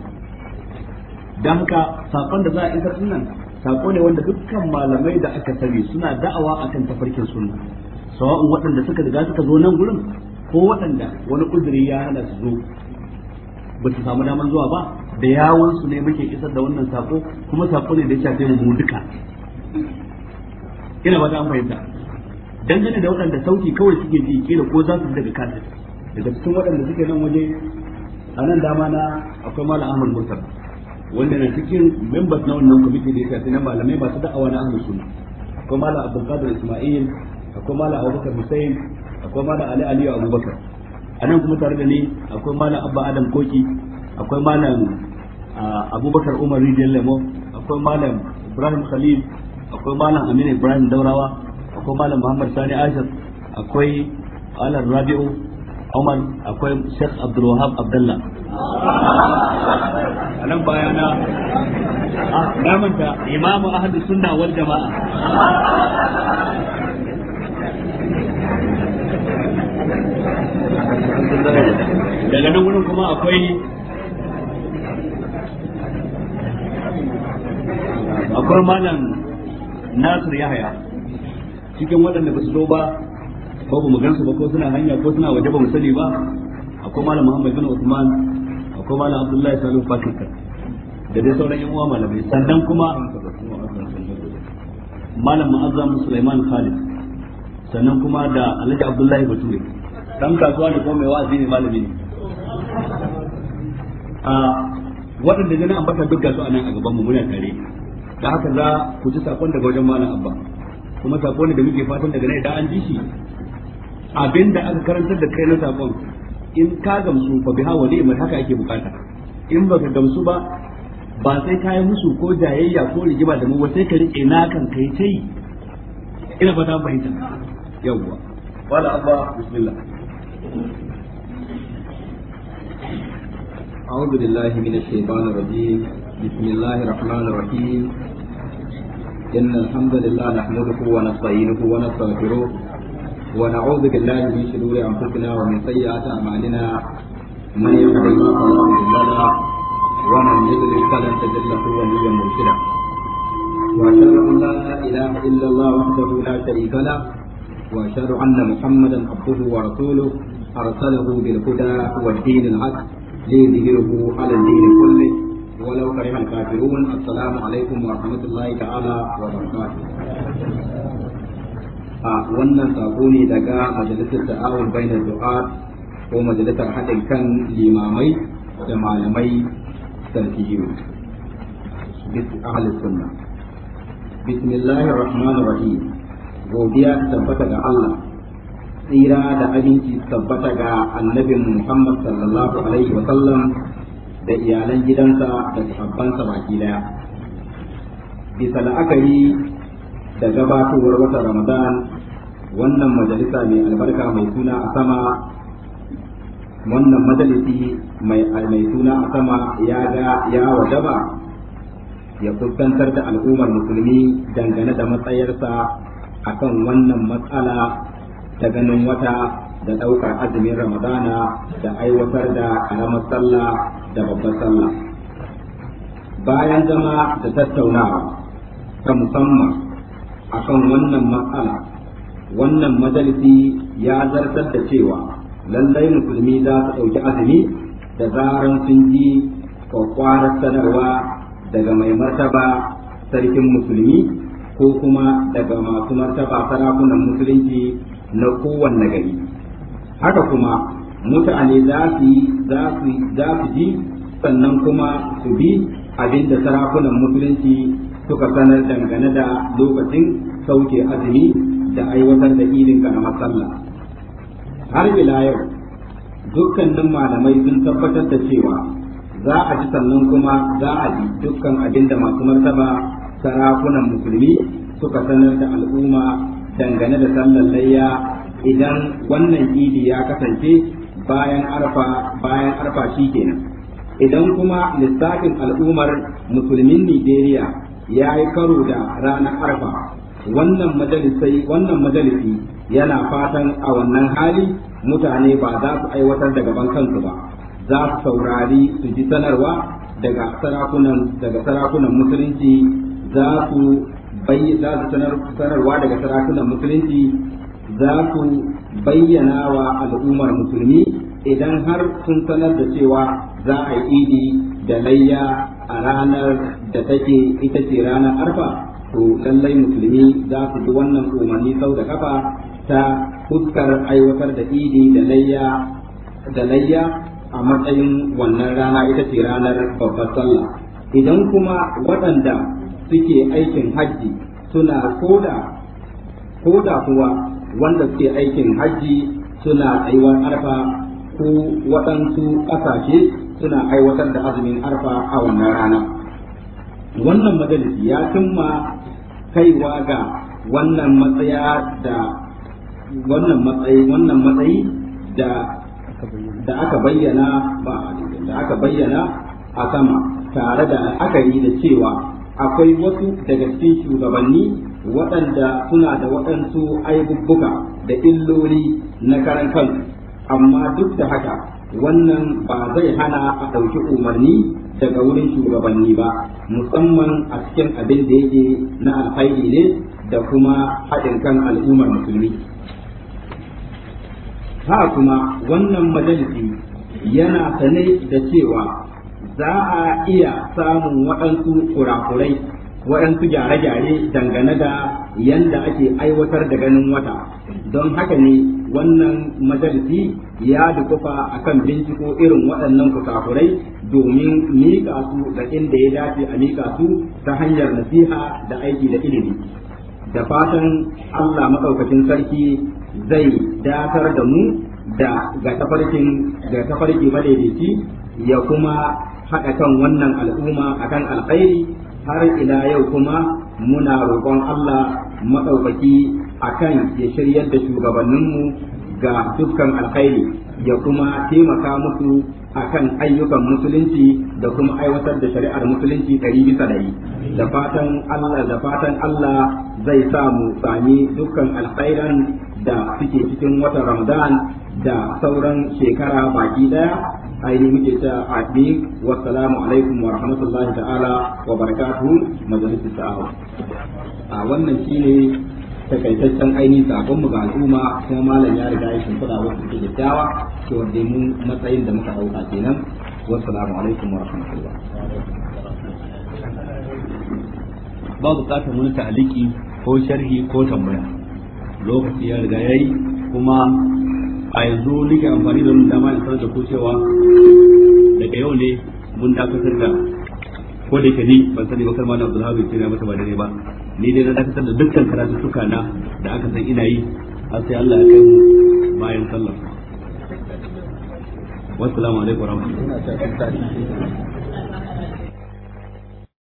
don haka sakon da za a isar sunan sako ne wanda dukkan malamai da aka sani suna da'awa akan tafarkin sunna sawa'un waɗanda suka riga suka zo nan gurin ko waɗanda wani kudiri ya hana su zo ba su samu damar zuwa ba da yawon su ne muke isar da wannan sako kuma sako ne da ya shafe mu duka ina ba ta fahimta dangane da waɗanda sauki kawai suke ji kira ko za su daga kasa daga cikin waɗanda suke nan waje a nan dama na akwai malam ahmad murtala wanda na cikin members na wannan kwamiti da ya shafe na malamai masu da'awa na ahlus suna akwai malam abdulkadir isma'il akwai malam abubakar hussein akwai malam ali aliyu abubakar a nan kuma tare da ni akwai malam abba adam koki akwai malam abubakar umar rijiyar lemo akwai malam ibrahim khalil akwai malam aminu ibrahim daurawa akwai malam muhammad sani ashir akwai alan rabi'u umar akwai sheikh abdulwahab abdullah a nan bayana na manta imamu ahadu sunna wal jama'a daga nan wurin kuma akwai akwai malam nasir yahaya cikin waɗanda ba su zo ba ko ba mu gansu ba ko suna hanya ko suna waje ba mu sani ba akwai malam muhammad bin usman akwai malam abdullahi salim fatika da dai sauran yan uwa malamai sannan kuma malam mu'azzam sulaiman khalid sannan kuma da alhaji abdullahi bature dan kasuwa ne ko mai wa'azi ne malami ne a waɗanda zai ambata duk gasu a nan a gaban mu muna tare da haka za ku ji sakon daga wajen malam abba kuma sakon da muke fatan daga nan da an ji shi abinda aka karantar da kai na sakon in ka gamsu fa biha wani mai haka ake bukata in baka gamsu ba ba sai ka yi musu ko jayayya ko rigima da mu ba sai ka rike na kan kai tai ina fata fahimta yawwa wala abba bismillah أعوذ بالله من الشيطان الرجيم بسم الله الرحمن الرحيم إن الحمد لله نحمده ونستعينه ونستغفره ونعوذ بالله من شرور أنفسنا ومن سيئات أعمالنا من يهده الله فلا مضل له ومن يضلل فلن تجد له وليا مرشدا وأشهد أن لا إله إلا الله وحده لا شريك له وأشهد أن محمدا عبده ورسوله أرسله بالهدى والدين الحق ليظهره على الدين كله ولو كره الكافرون السلام عليكم ورحمة الله تعالى وبركاته a wannan sako ne daga majalisar ta'awun bainar du'a ko majalisar haɗin kan limamai da malamai sarkiyu ahalin sunna bismillahir rahmanir rahim godiya tabbata ga Allah tsira da abinci tabbata ga annabin Muhammad sallallahu alaihi wa sallam da iyalan gidansa da sahabbansa baki daya bisa la'akari da gabatowar wata Ramadan wannan majalisa mai albarka mai suna a sama wannan majalisi mai suna a sama ya ga ya wadaba ya kuskantar da al'ummar musulmi dangane da matsayarsa akan wannan matsala ta ganin wata da ɗaukar azumin ramadana da aiwatar da ƙaramar sallah da babbar sallah bayan zama da tattaunawa ta musamman a kan wannan matsala wannan majalisi ya zartar da cewa lallai musulmi za su ɗauki azumi da zaran sun ji kwakwarar sanarwa daga mai martaba sarkin musulmi ko kuma daga masu martaba sarakunan musulunci na kowanne gari haka kuma mutane za su yi za su ji sannan kuma su bi abinda sarakunan musulunci suka sanar dangane da lokacin sauke azumi da aiwatar da idin na masalla. har ila yau dukkanin malamai sun tabbatar da cewa za a ji sannan kuma za a ji dukkan abinda masu martaba sarakunan musulmi suka sanar da al'umma dangane da sallar layya idan wannan idi ya kasance bayan arfa bayan arfa shi kenan idan kuma lissafin al'ummar musulmin Nijeriya ya yi karo da ranar arfa wannan majalisai wannan majalisi yana fatan a wannan hali mutane ba za su aiwatar da gaban kansu ba za su saurari su ji sanarwa daga sarakunan daga sarakunan musulunci za su za su sanarwa daga sarakunan musulunci za su bayyana wa al'ummar musulmi idan har sun sanar da cewa za a yi idi da layya a ranar da take ita ce ranar arfa to lallai musulmi za su ji wannan umarni sau da kafa ta fuskar aiwatar da idi da layya da layya a matsayin wannan rana ita ce ranar babbar sallah idan kuma waɗanda suke aikin hajji suna koda koda kuwa wanda suke aikin hajji suna aiwar arfa ko waɗansu ƙasashe suna aiwatar da azumin arfa a wannan rana wannan majalisi ya cimma kaiwa ga wannan matsaya da wannan matsayi wannan matsayi da da aka bayyana ba da aka bayyana a sama tare da aka yi da cewa akwai wasu daga cikin shugabanni waɗanda suna da waɗansu aibubbuka da illoli na karan kansu amma duk da haka wannan ba zai hana a ɗauki umarni daga wurin shugabanni ba musamman a cikin abin da yake na alfairi ne da kuma haɗin kan al'ummar musulmi ha kuma wannan majalisi yana sane da cewa za a iya samun waɗansu kurakurai waɗansu gyare-gyare dangane da yanda ake aiwatar da ganin wata don haka ne wannan majalisi ya dukufa kan binciko irin waɗannan kusakurai domin miƙa su da inda ya dace a miƙa su ta hanyar nasiha da aiki da ilimi da fatan Allah maɗaukacin sarki zai datar da mu da ga tafarki madaidaici ya kuma haɗa kan wannan al'umma akan alkhairi har ila yau kuma muna roƙon Allah maɗaukaki kan ya shiryar da shugabanninmu ga dukkan alkhairi ya kuma taimaka musu a kan ayyukan musulunci da kuma aiwatar da shari'ar musulunci ɗari bisa ɗari da fatan Allah da fatan Allah zai samu sami dukkan alkhairan da suke cikin watan Ramadan da sauran shekara baki ɗaya aini muke ta adik wa salamu alaikum wa rahmatullahi ta'ala wa barakatuhu majalisar sa'awa a wannan shine takaitaccen aini sakon mu ga al'umma kuma malam ya riga ya shimfiɗa wasu suke da kyawa ke wanda mu matsayin da muka ɗauka kenan wa salamu alaikum wa rahmatullah ba bukatar wani ta'aliki ko sharhi ko tambaya lokaci ya riga yayi kuma a yanzu nake amfani da wani dama in sanar da ku cewa daga yau ne mun dakatar da ko da yake ni ban sani ba kalma na Abdulhabi ce na mata ba dare ba ni dai na dakatar da dukkan karatu suka na da aka san ina yi har sai Allah ya kai mu bayan sallah wassalamu alaikum warahmatullahi